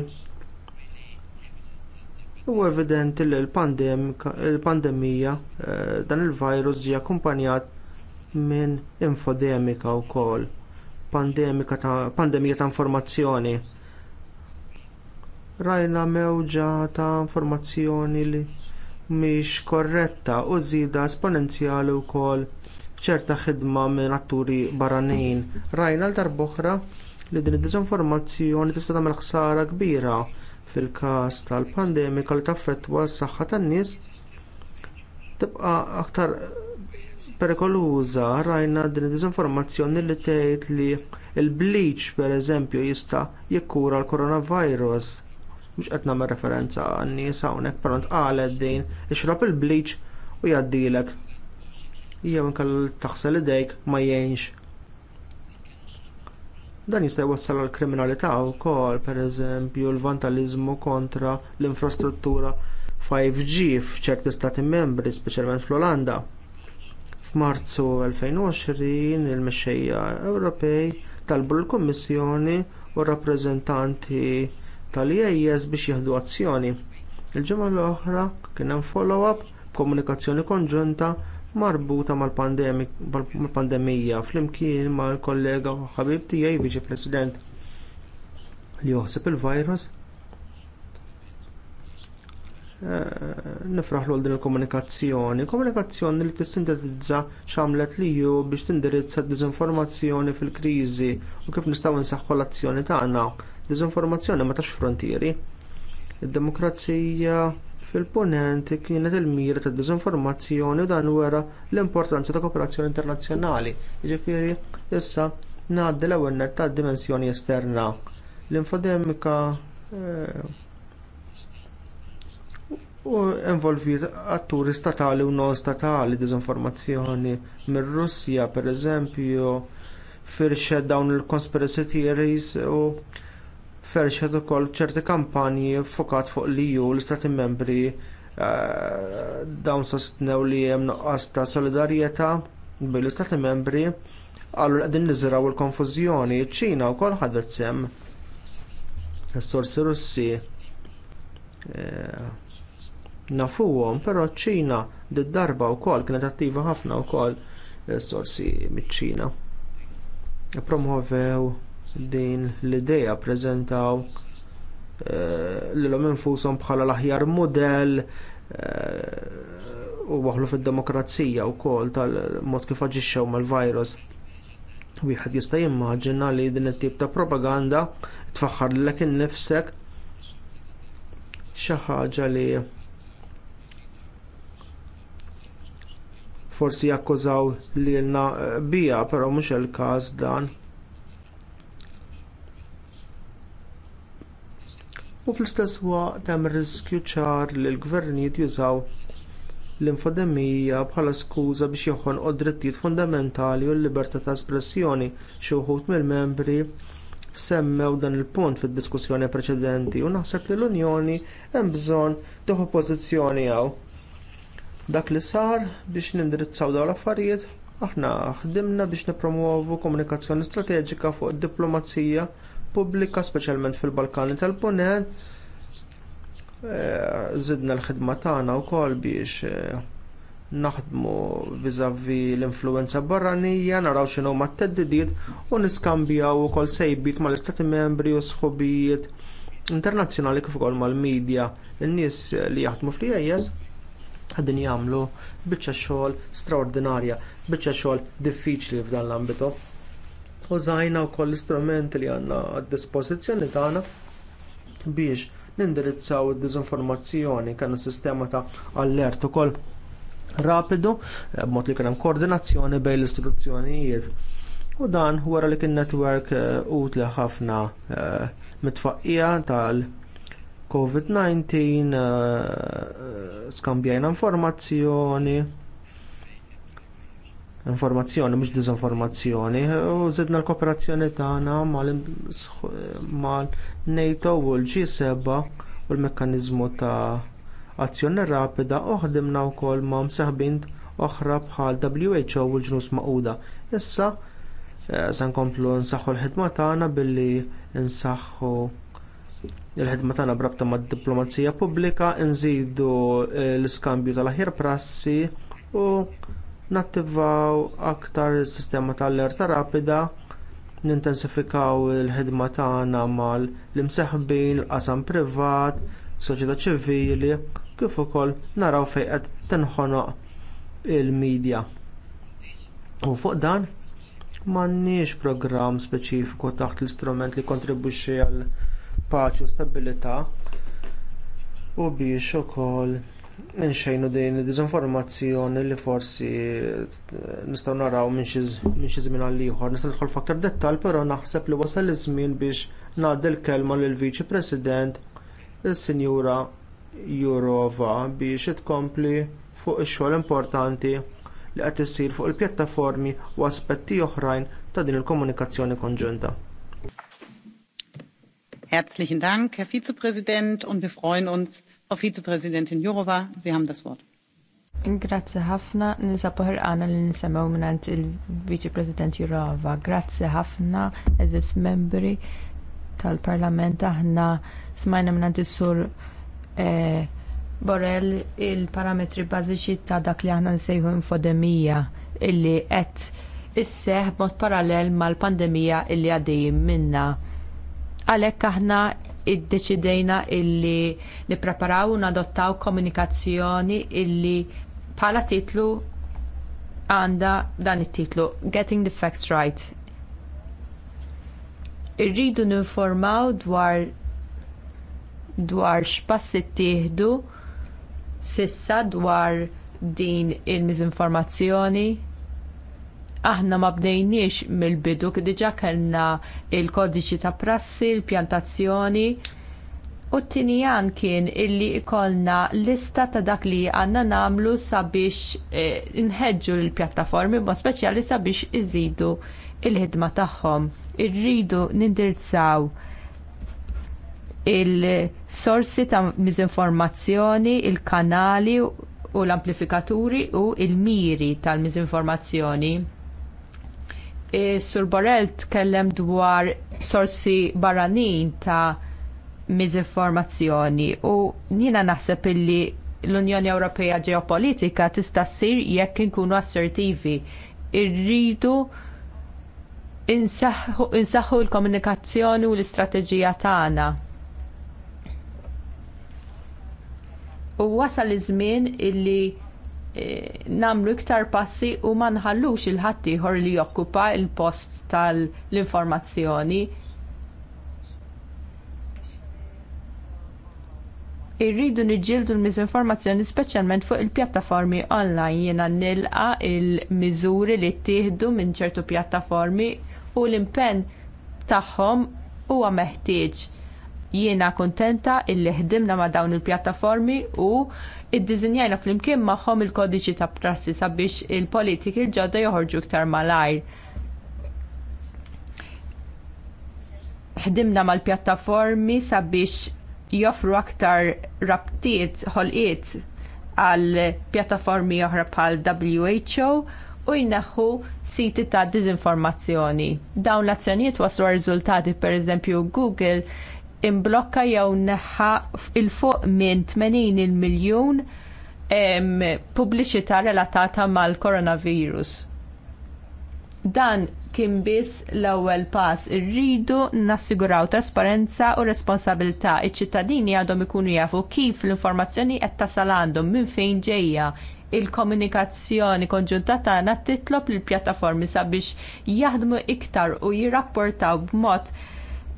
U evidenti li l-pandemija eh, dan il-virus ġie akkumpanjat minn infodemika wkoll, pandemija ta' informazzjoni. Rajna mewġa ta' informazzjoni li mhix korretta u żieda esponenzjali wkoll ċerta ħidma minn atturi barranin. Rajna l darb'oħra li din id-diżinformazzjoni tista' tagħmel ħsara kbira fil-każ tal-pandemika li taffettwa s-saħħa tan-nies tibqa' aktar perikoluża rajna din id-diżinformazzjoni li tgħid li l bleach pereżempju jista' jikkura l-coronavirus mhux qed nagħmel referenza għan-nies hawnhekk però qalet din ixrob il-bleach u jgħaddilek. Jew inkell taħsel idejk ma jgħinx. Dan jista' jwassal għal kriminalità wkoll, pereżempju l-vandaliżmu kontra l-infrastruttura 5G f'ċerti stati membri, speċjalment fl-Olanda. F'Marzu 2020 il-mexxejja Ewropej talbu l-Kummissjoni u r rappreżentanti tal-IAS biex jieħdu azzjoni. Il-ġimgħa l-oħra kien hemm follow-up b'komunikazzjoni konġunta marbuta mal-pandemija flimkien mal-kollega ħabib tiegħi viċi President li joħseb il-virus nifraħlu għal din il-komunikazzjoni. Komunikazzjoni li tissintetizza x'għamlet li ju biex tindirizza d dizinformazzjoni fil-kriżi u kif nistgħu nsaħħu l-azzjoni tagħna. Diżinformazzjoni ma tax frontieri. Id-demokrazija fil ponenti kienet il-mira ta' dizinformazzjoni, u dan wera l-importanza ta' kooperazzjoni internazzjonali. Jiġifieri issa ngħaddi l-ewwel ta' dimensjoni esterna. L-infodemika eh, u involvit atturi statali u non statali diżinformazzjoni mir-Russja pereżempju firxed dawn il-conspiracy theories u ferxed ukoll ċerti kampanji ffokat fuq li ju l-istati membri uh, dawn sostnew li hemm nuqqas ta' solidarjetà bil l-istati membri għallu qegħdin niżraw il-konfużjoni ċ-Ċina wkoll ħadet sem is-sorsi Russi uh, nafuhom, però ċ-Ċina d-darba wkoll kienet attiva ħafna wkoll eh, sorsi miċ-Ċina. Promovew din l-idea ppreżentaw eh, l-lom infusom bħala l-aħjar mudell eh, u waħlu fid-demokrazija wkoll tal-mod kif aġixxew mal-virus. Wieħed jista' jimmaġina li din it-tip ta' propaganda tfaħħar lilek innifsek xi ħaġa li forsi jakkużaw lilna eh, bija, però mhux il-każ dan. U fl-istess waqt hemm riskju ċar li l-gvernijiet jużaw l-infodemija bħala skuża biex joħonqu drittijiet fundamentali u l-libertà ta' espressjoni xi wħud mill-membri semmew dan il-punt fid-diskussjoni preċedenti u naħseb li l-Unjoni hemm bżonn tieħu pożizzjoni hawn. Dak li sar biex nindirizzaw dawn l-affarijiet, aħna ħdimna biex nippromuovu komunikazzjoni strateġika fuq id diplomazija pubblika, speċjalment fil-Balkani tal-Punent. Eh, zidna l-ħidma tagħna wkoll biex eh, naħdmu viżavi l-influenza barranija, naraw x'inhu ma' t-teddidiet u niskambjaw ukoll sejbiet mal-Istati membri u sħubijiet internazzjonali kif ukoll mal-medja, in-nies li jaħdmu fl-IAS għaddin jagħmlu biċċa xogħol straordinarja, biċċa xogħol diffiċli f'dan l-ambitu. Użajna wkoll l-istrumenti li għandna għad-dispożizzjoni tagħna biex nindirizzaw id-diżinformazzjoni kellna sistema ta' allert ukoll rapidu eh, b'mod li kien hemm koordinazzjoni bejn l-istituzzjonijiet. U dan wara li kien netwerk eh, utli ħafna eh, mitfaqija tal- COVID-19 eh, skambjajna informazzjoni informazzjoni, mhux diżinformazzjoni, u zedna l-kooperazzjoni tagħna mal-NATO u l-G7 u l-mekkanizmu ta' azzjoni rapida uħdimna wkoll ma' msaħbin oħra bħal WHO u l-ġnus maquda. Issa eh, se nkomplu nsaħħu l-ħidma tagħna billi nsaħħu il-ħidma tagħna brabta mad diplomazija pubblika, nżidu eh, l-iskambju tal-aħjar prassi u nattivaw aktar is sistema tal-alerta rapida, nintensifikaw il-ħidma tagħna mal-imseħbin, l-qasam privat, soċjetà ċivili, kif ukoll naraw fejn qed tinħonoq il-medja. U fuq dan m'għandniex programm speċifiku taħt l-istrument li kontribwixxi għal paċi u stabilità u biex ukoll nxejnu din id-diżinformazzjoni li forsi eh, nistgħu naraw minn xi żmien għal ieħor. Nista' nidħol f'aktar dettall, però naħseb li wasal iż-żmien biex ngħaddi l-kelma lill viċi President is-Sinjura Jurova biex tkompli fuq ix-xogħol importanti li qed issir fuq il-pjattaformi u aspetti oħrajn ta' din il-komunikazzjoni konġunta. Herzlichen Dank, Herr Vizepräsident, und wir freuen uns, Frau Vizepräsidentin Jourova, Sie haben das Wort. Grazie ħafna, nisa nisabu għana li nisemaw minnant il-Viċi President Jourova. Grazie ħafna, eżis membri tal-Parlament, aħna smajna minant il-sur eh, Borrell il-parametri bażiċi ta' dak li aħna nsejħu infodemija illi qed isseħ b'mod parallel mal-pandemija illi għaddej minnha Għalhekk aħna iddeċidejna illi nippreparaw u nadottaw komunikazzjoni illi bħala titlu għandha dan it-titlu Getting the Facts Right. Irridu ninformaw dwar dwar x'passi ttieħdu sissa dwar din il-miżinformazzjoni aħna ma bdejniex mill-bidu diġa kellna il-kodiċi ta' prassi, il-pjantazzjoni. U t-tini għan kien illi ikolna lista ta' dak li għanna namlu sabiex eh, nħedġu l-pjattaformi, ma' speċjali sabiex iżidu il-ħidma tagħhom. Irridu nindirizzaw il-sorsi ta' miżinformazzjoni, il-kanali u l-amplifikaturi u l miri tal-miżinformazzjoni Eh, Sur Borrell tkellem dwar sorsi barranin ta' miżinformazzjoni u jiena naħseb illi l-Unjoni Ewropea ġeopolitika tista' ssir jekk inkunu assertivi. Irridu insaħħu l-komunikazzjoni u l-istrateġija tagħna. U wasal iż-żmien illi Eh, namlu iktar passi u ma nħallux il ieħor li jokkupa l post tal-informazzjoni. Irridu niġġieldu l-miżinformazzjoni speċjalment fuq il-pjattaformi online jiena nilqa il-miżuri li ttieħdu minn ċertu pjattaformi u l-impenn tagħhom huwa meħtieġ. Jiena kuntenta illi ħdimna ma' dawn il-pjattaformi u id fl flimkien magħhom il-kodiċi ta' prassi sabiex il-politiki l-ġodda joħorġu iktar malajr. Ħdimna mal-pjattaformi sabiex joffru aktar rabtiet, ħolqiet għal pjattaformi oħra bħal WHO u jneħħu siti ta' dizinformazzjoni. Dawn l-azzjonijiet waslu riżultati, pereżempju Google imblokka jew neħħa il-fuq minn 80 il miljun pubbliċità relatata mal-coronavirus. Dan kien biss l-ewwel pass irridu nassiguraw trasparenza u responsabilità. Iċ-ċittadini għadhom ikunu jafu kif l-informazzjoni qed tasal għandhom minn fejn ġejja il-komunikazzjoni konġunta tagħna titlob lill pjattaformi sabiex jaħdmu iktar u jirrapportaw b'mod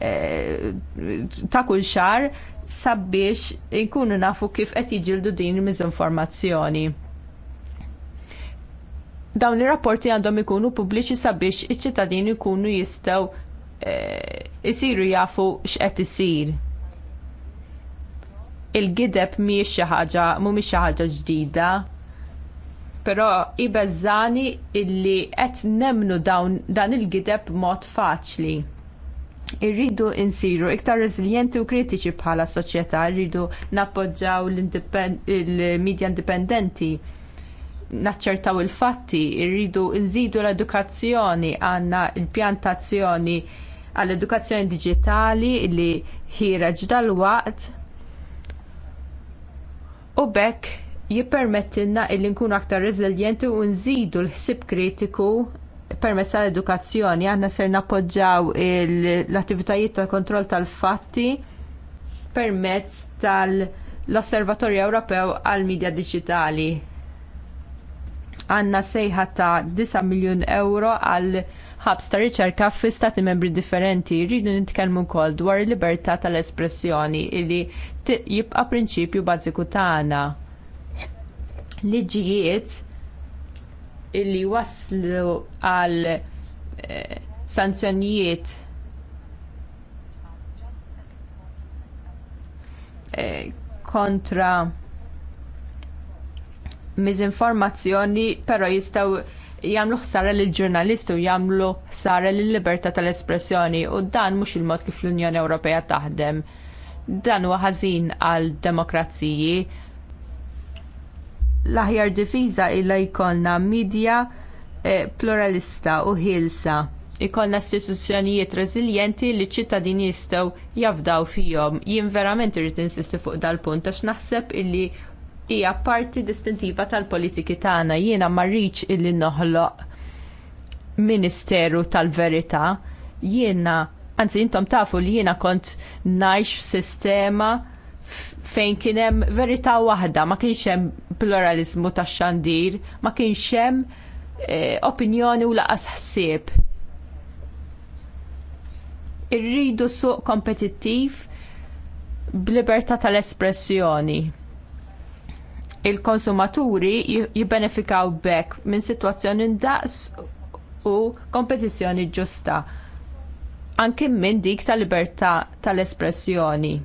Eh, ta' kull xar sabiex inkunu nafu kif qed jiġildu din il-miżinformazzjoni. Dawn ir-rapporti għandhom ikunu pubbliċi sabiex iċ-ċittadini jkunu jistgħu eh, isiru jafu x'qed isir. Il-gideb mhijiex xi ħaġa mhumiex xi ħaġa ġdida, però ibeżżani illi qed nemnu dawn dan il-gideb b'mod faċli irridu insiru iktar reżiljenti u kritiċi bħala soċjetà, irridu nappoġġaw il-medja indipendenti, naċċertaw il-fatti, irridu nżidu l-edukazzjoni għandna l pjantazzjoni għall-edukazzjoni diġitali li ħireġ dal-waqt u bekk jippermettilna li nkunu aktar reżiljenti u nżidu l-ħsib kritiku permessa tal-edukazzjoni għanna ser napoġġaw l-attivitajiet tal kontroll tal-fatti permezz tal-Osservatorju Ewropew għall midja Digitali. Għanna sejħa ta' 9 miljun euro għal ħabs ta' riċerka fi stati membri differenti jridu nitkellmu wkoll dwar il-libertà tal-espressjoni li jibqa' prinċipju bażiku tagħna. Liġijiet illi waslu għal eh, sanzjonijiet eh, kontra miżinformazzjoni, però jistgħu jagħmlu ħsara lill u jagħmlu ħsara lill libertà tal-espressjoni u dan mhux il-mod kif l-Unjoni Ewropea taħdem. Dan huwa ħażin għal demokrazziji l-aħjar difiża illa jkollna midja eh, pluralista u ħilsa. Ikollna istituzzjonijiet reżiljenti li ċittadini jistgħu jafdaw fihom. Jien verament irrid insisti fuq dal-punt għax naħseb illi hija parti distintiva tal-politiki tagħna. Jiena ma rridx illi noħloq Ministeru tal-Verità. Jiena anzi intom tafu li jiena kont ngħix f'sistema fejn kien hemm verità waħda, ma kienx hemm pluralizmu tax xandir, ma kienx hemm eh, opinjoni u laqas ħsieb. Irridu suq kompetittiv b'libertà tal-espressjoni. Il-konsumaturi jibbenefikaw bekk minn sitwazzjoni ndaqs u kompetizzjoni ġusta anke minn dik tal-libertà tal-espressjoni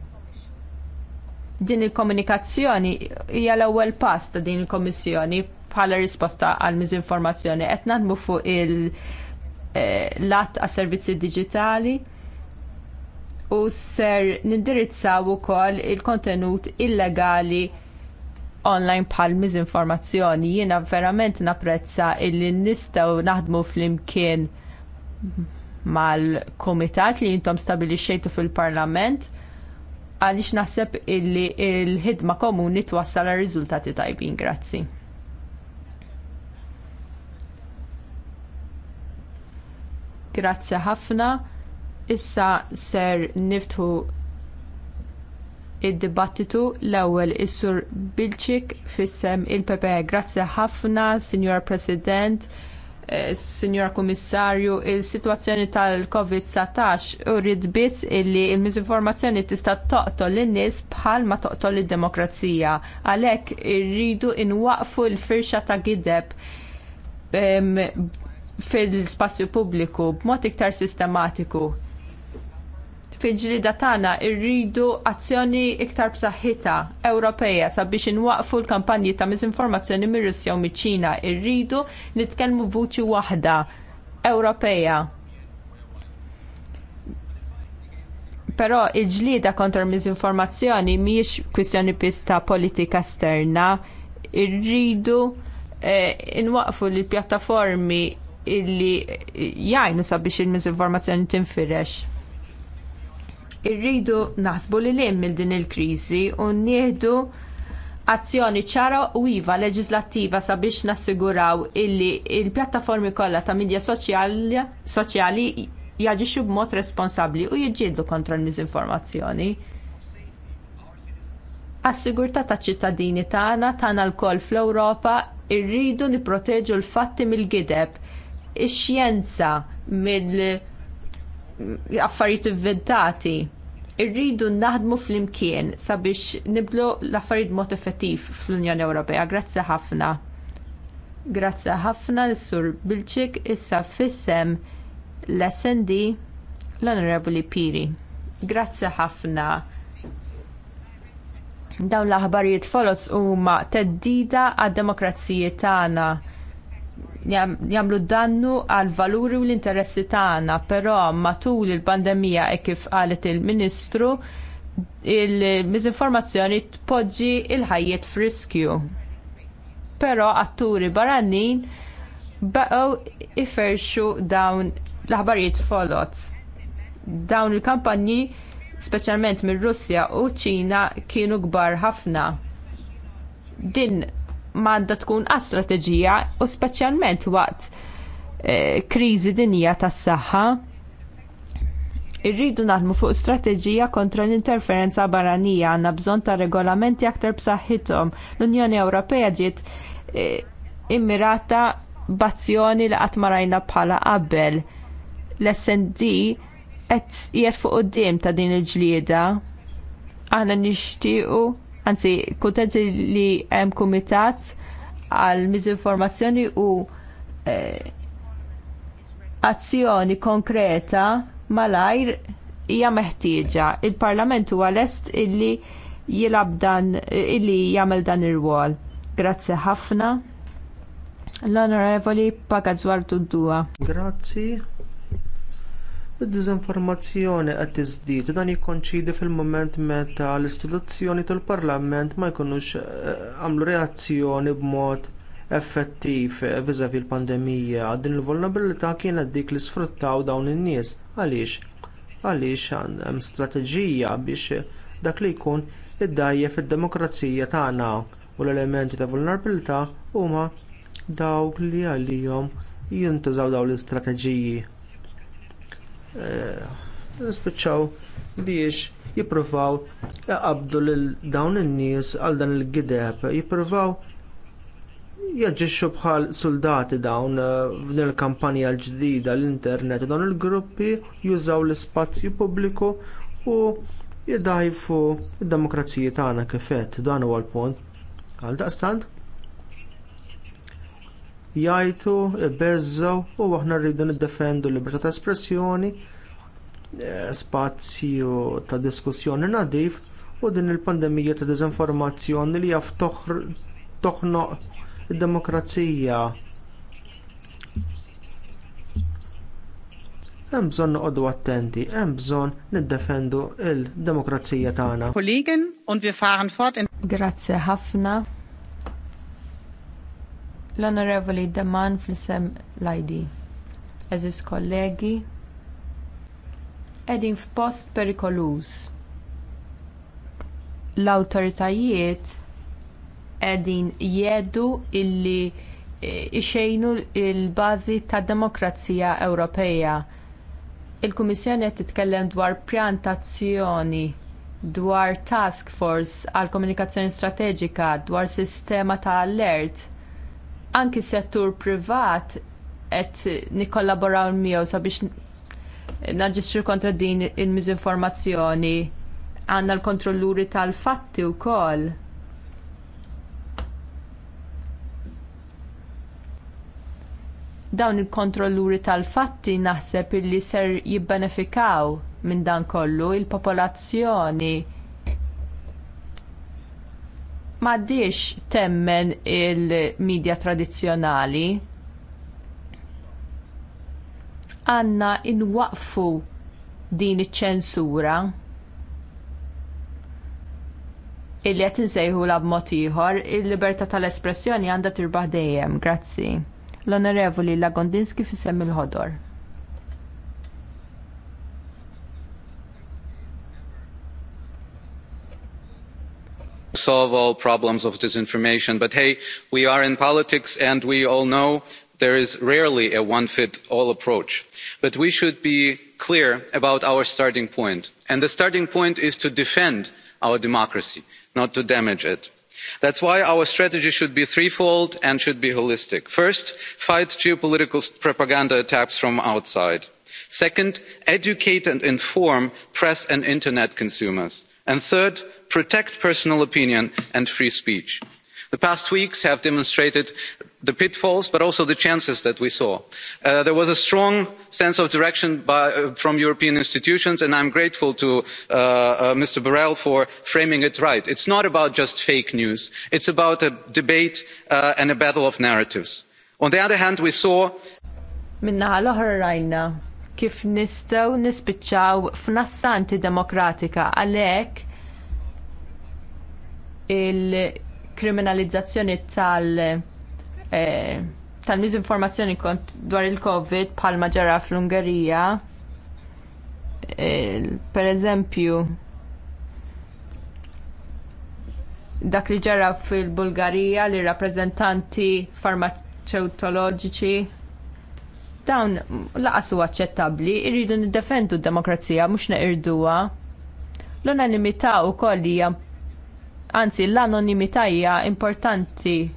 din il-komunikazzjoni hija l-ewwel pass ta' din il-Kommissjoni bħala risposta għal miżinformazzjoni qed nadmu fuq il-lat eh, għas servizzi diġitali u ser nindirizzaw ukoll il-kontenut illegali online bħal miżinformazzjoni. Jiena verament napprezza illi nistgħu naħdmu flimkien mal kumitat li jintom stabilixxejtu fil-Parlament għaliex naħseb illi l-ħidma komuni twassal riżultati tajbin, grazzi. Grazzi ħafna. Issa ser niftħu id-dibattitu l-ewwel is-sur Bilċik fissem il-PP. E. Grazzi ħafna, Signor President. Eh, Signora Kummissarju, il-situazzjoni tal-Covid-19 urrid biss illi il-mizinformazzjoni tista' toqtol l nies bħal ma toqtol id-demokrazija. Għalhekk irridu inwaqfu l-firxa ta' gideb fil-spazju pubbliku b'mod iktar sistematiku fil-ġlida tagħna rridu azzjoni iktar b'saħħitha Ewropea sabiex inwaqfu l-kampanji ta' miżinformazzjoni mir-Russja u miċ-Ċina. Irridu nitkellmu vuċi waħda Ewropea. Però il-ġlida kontra miżinformazzjoni mhijiex kwistjoni pista politika esterna. Irridu eh, inwaqfu l-pjattaformi illi jgħinu sabiex il-miżinformazzjoni tinfirex irridu naħsbu li lim mill din il-kriżi u nieħdu azzjoni ċara u iva leġislattiva sabiex nassiguraw illi l pjattaformi kollha ta' midja soċjali jaġixxu b'mod responsabbli u jiġġieldu kontra l-miżinformazzjoni. Għas-sigurtà taċ ċittadini tagħna tagħna lkoll fl-Ewropa rridu nipproteġu l-fatti mill-gideb, ix-xjenza mill-affarijiet inventati irridu naħdmu flimkien sabiex niblu l-affarijiet mod effettiv fl-Unjoni Ewropea. Grazzi ħafna. Grazzi ħafna l-Sur Bilċik issa fissem l-SND l-Onorevoli Piri. Grazzi ħafna. Dawn l-aħbarijiet folos huma teddida għad-demokrazijiet tagħna jagħmlu dannu għal valuri u l-interessi tagħna, però matul il-pandemija e kif qalet il-Ministru, il-miżinformazzjoni tpoġġi il-ħajjiet friskju. Però atturi barranin baqgħu iferxu dawn l-aħbarijiet folot. Dawn il-kampanji speċjalment mir russja u ċ ċina kienu kbar ħafna. Din m'għandha tkun għas strateġija u speċjalment waqt eh, kriżi dinija tas-saħħa. Irridu naħdmu fuq strateġija kontra l-interferenza barranija għandna bżonn ta' regolamenti aktar b'saħħithom. L-Unjoni Ewropea ġiet eh, immirata b'azzjoni li qatt ma rajna bħala qabel. L-SND qed jgħid fuq quddiem ta' din il-ġlieda. Aħna nixtiequ Anzi, kuntenti li hemm kumitat għal miżinformazzjoni u eh, azzjoni konkreta malajr hija meħtieġa. Il-Parlament huwa lest illi jilab dan illi jagħmel dan ir-rwol. Grazzi ħafna. L-Onorevoli Pagazzwar Tuddua. Grazzi. Id-diżinformazzjoni qed tiżdied u dan jikkonċidi fil-mument meta l-istituzzjoni tal-Parlament ma jkunux eh, għamlu reazzjoni b'mod effettiv viżavi l-pandemija. Din il-vulnerabilità kienet dik li sfruttaw dawn in-nies. Għaliex? Għaliex hemm strateġija biex dak li jkun iddajje fid-demokrazija tagħna u l-elementi ta' vulnerabilità huma dawk li għalihom jintużaw dawn l-istrateġiji. Eh, nispiċċaw biex jippruvaw jaqabdu lil dawn in-nies għal dan il-gideb, jippruvaw jaġġixxu bħal soldati dawn eh, f'din il-kampanja l-ġdida l-internet dawn il-gruppi jużaw l-ispazju pubbliku u jidajfu d demokrazija tagħna kif għedt dan huwa l-punt. Għaldaqstant, jajtu, bezzaw u aħna rridu niddefendu l-libertà ta' espressjoni, eh, spazju ta' diskussjoni nadif u din il-pandemija ta' diżinformazzjoni li jaf toħnoq id-demokrazija. Hemm bżonn noqogħdu attenti, hemm bżonn niddefendu l demokrazija tagħna. Kollegen, und wir fahren fort in Grazzi ħafna. L-Onorevoli Deman fl-isem l-ID. Eżis kollegi, Qegħdin f'post perikoluż. l awtoritajiet qegħdin jgħidu illi e, ixejnu l bażi tad demokrazija Ewropea. Il-Kummissjoni qed titkellem dwar pjantazzjoni dwar task force għall komunikazzjoni strateġika dwar sistema ta' allert anki settur privat qed nikkollaboraw miegħu sabiex naġġistru kontra din il-miżinformazzjoni għandna l-kontrolluri tal-fatti wkoll. Dawn il-kontrolluri tal-fatti naħseb illi ser jibbenefikaw minn dan kollu il-popolazzjoni il popolazzjoni m'għaddix temmen il-medja tradizzjonali. Għanna inwaqfu din iċ-ċensura illi qed insejħu la b'mod ieħor, il-libertà tal-espressjoni għandha tirbaħ dejjem. Grazzi. L-Onorevoli Lagondinski fisem il-ħodor. solve all problems of disinformation. But hey, we are in politics and we all know there is rarely a one fit all approach. But we should be clear about our starting point. And the starting point is to defend our democracy, not to damage it. That's why our strategy should be threefold and should be holistic. First, fight geopolitical propaganda attacks from outside. Second, educate and inform press and internet consumers. And third, protect personal opinion and free speech. the past weeks have demonstrated the pitfalls but also the chances that we saw. Uh, there was a strong sense of direction by, uh, from european institutions and i'm grateful to uh, uh mr borrell for framing it right. it's not about just fake news it's about a debate uh, and a battle of narratives. on the other hand we saw Minnaħa l-oħra rajna kif nistgħu nispiċċaw f'nassa antidemokratika għalhekk il-kriminalizzazzjoni tal- eh, tal-mizinformazzjoni kont dwar il-Covid bħalma ġara fl-Ungerija. Eh, per eżempju, dak li ġara fil-Bulgarija li rappreżentanti farmaceutoloġiċi dawn laqas huwa aċċettabbli, irridu niddefendu d-demokrazija mhux neqirduha. L-unanimità wkoll hija anzi l-anonimità hija importanti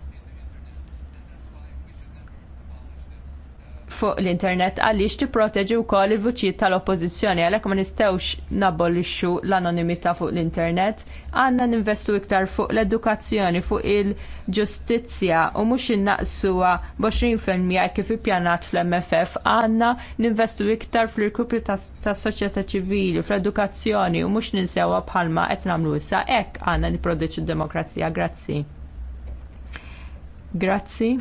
fuq l-internet għaliex tipproteġi wkoll il-vuċijiet tal-oppożizzjoni għalhekk ma nistgħux nabolixxu l-anonimità fuq l-internet, għandna ninvestu iktar fuq l-edukazzjoni fuq il-ġustizzja u mhux innaqsuha b'20% kif ippjanat fl-MFF, għandna ninvestu iktar fl-irkupri tas-soċjetà ċivili, fl-edukazzjoni u mhux ninsewha bħalma qed nagħmlu issa hekk għandna nipproduċu d-demokrazija. Grazzi. Grazzi.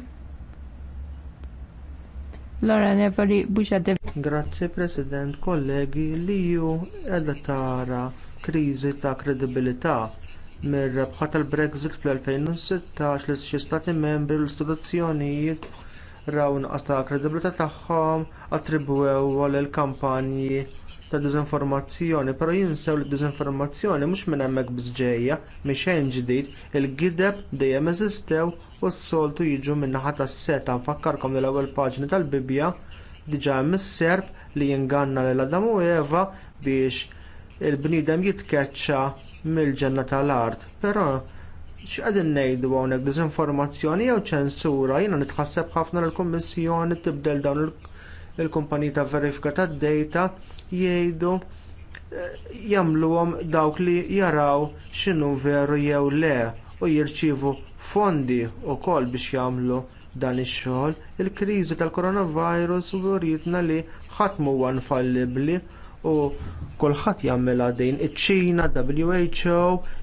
Lora Nevari Buxade. Grazzi President, kollegi, li ju edha tara kriżi ta' kredibilità mir-rebħa tal-Brexit fl-2016 li xi stati membri l-istituzzjonijiet raw nuqqas ta' kredibilità tagħhom attribwew għal il-kampanji ta' diżinformazzjoni, però jinsew li diżinformazzjoni mhux minn hemmhekk biżġejja minn xejn ġdid, il-gideb dejjem eżistew u s-soltu jiġu min-naħa tas-seta. mfakkarkom li l-ewwel paġni tal-Bibja diġà hemm is-serb li jinganna lil Adam u Eva biex il-bniedem jitkeċċa mill-ġenna tal-art. Però x'qegħdin ngħidu hawnhekk diżinformazzjoni jew ċensura jiena nitħasseb ħafna l-Kummissjoni tibdel dawn il kumpanija ta' verifika tad-dejta jgħidu eh, jagħmluhom dawk li jaraw x'inhu veru jew le u jirċievu fondi wkoll biex jagħmlu dan ix-xogħol, il-kriżi tal-coronavirus uritna li ħadd huwa infallibbli u kulħadd jagħmel għadejn iċ-Ċina, WHO,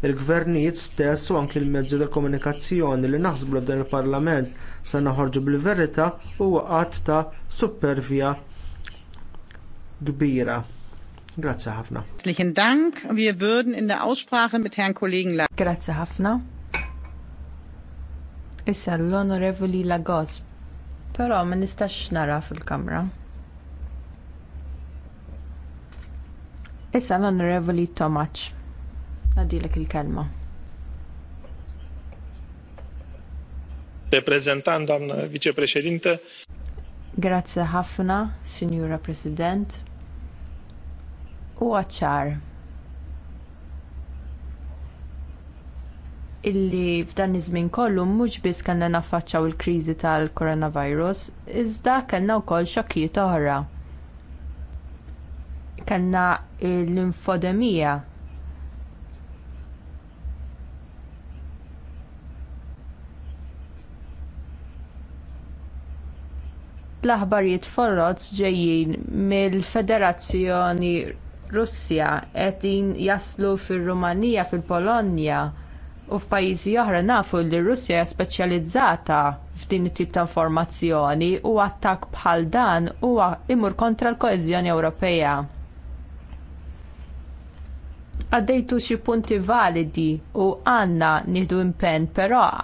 il-gvernijiet stess u anki l-mezzi tal-komunikazzjoni li naħsbu f'dan il-Parlament se naħorġu bil-verità huwa qatt ta' supervja kbira. Grazzi ħafna. Herzlichen Dank. Wir würden in der Aussprache mit Herrn Kollegen La. Grazzi ħafna. Issa l-Onorevoli Lagos. Però ma nistax nara fil-kamra. Issa l-Onorevoli Tomac. Nadilek il-kelma. Reprezentant, doamnă vicepreședinte, Grazzi ħafna, Sinjura President. U għacċar. Illi f'dan iż-żmien kollu mhux biss kellna naffaċċaw il-kriżi tal-coronavirus, iżda kellna wkoll xokkijiet oħra. Kellna l-infodemija l-aħbarijiet forroz ġejjin mill-Federazzjoni Russja qegħdin jaslu fir-Rumanija, fil-Polonja u f'pajjiżi oħra nafu li r-Russja hija speċjalizzata f'din it-tip ta' informazzjoni u attakk bħal dan huwa imur kontra l-koeżjoni Ewropea. Għaddejtu xi punti validi u għandna nieħdu impenn, però